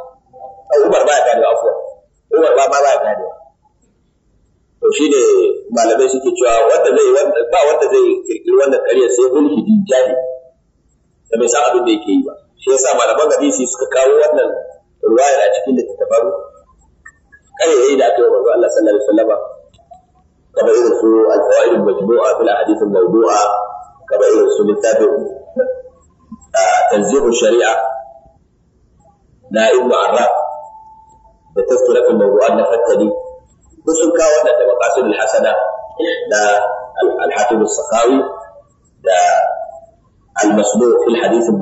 umar baya ganewa afuwa umar ma baya ganewa to shi ne malamai suke cewa wanda zai ba wanda zai kirkiri wanda kariya sai mulhidi jahili da bai san abin da yake yi ba shi yasa malaman hadisi suka kawo wannan ruwayar a cikin da ta faru yayi da aka yi manzo Allah sallallahu alaihi wasallam kamar irin su al-fawaid al-majmu'a fil ahadith al-mawdu'a kamar irin su littafin تنزيع الشريعة نائب عراق da tafsirin mawdu'an na fattali duk sun kawo wannan da maqasid hasana da al-hafiz da al-masnu' fil hadith al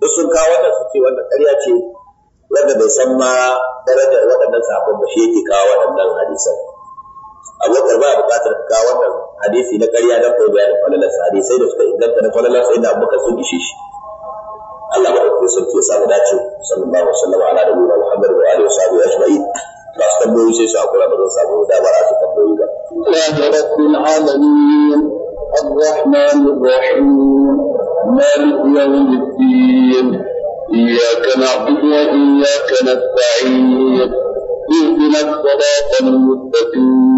da sun kawo wannan su ce wannan ce wanda bai san ma darajar waɗannan sahabban ba shi yake kawo waɗannan hadisan abokar ba buƙatar kawo wannan hadisi na ƙarya ko bayan bayanin falalarsa hadisai da suka inganta na falalarsa inda abubakar sun ishe shi Allah ba ku sun ke samu dace sallallahu alaihi wasallam ala nabiyina Muhammad wa alihi wasahbihi ajma'in ba su tambayoyi sai su hakura ba zan samu damar a su tambayoyi ba Allahu rabbil alamin الرحمن الرحيم مالك يوم الدين إياك نعبد وإياك نستعين اهدنا الصراط المستقيم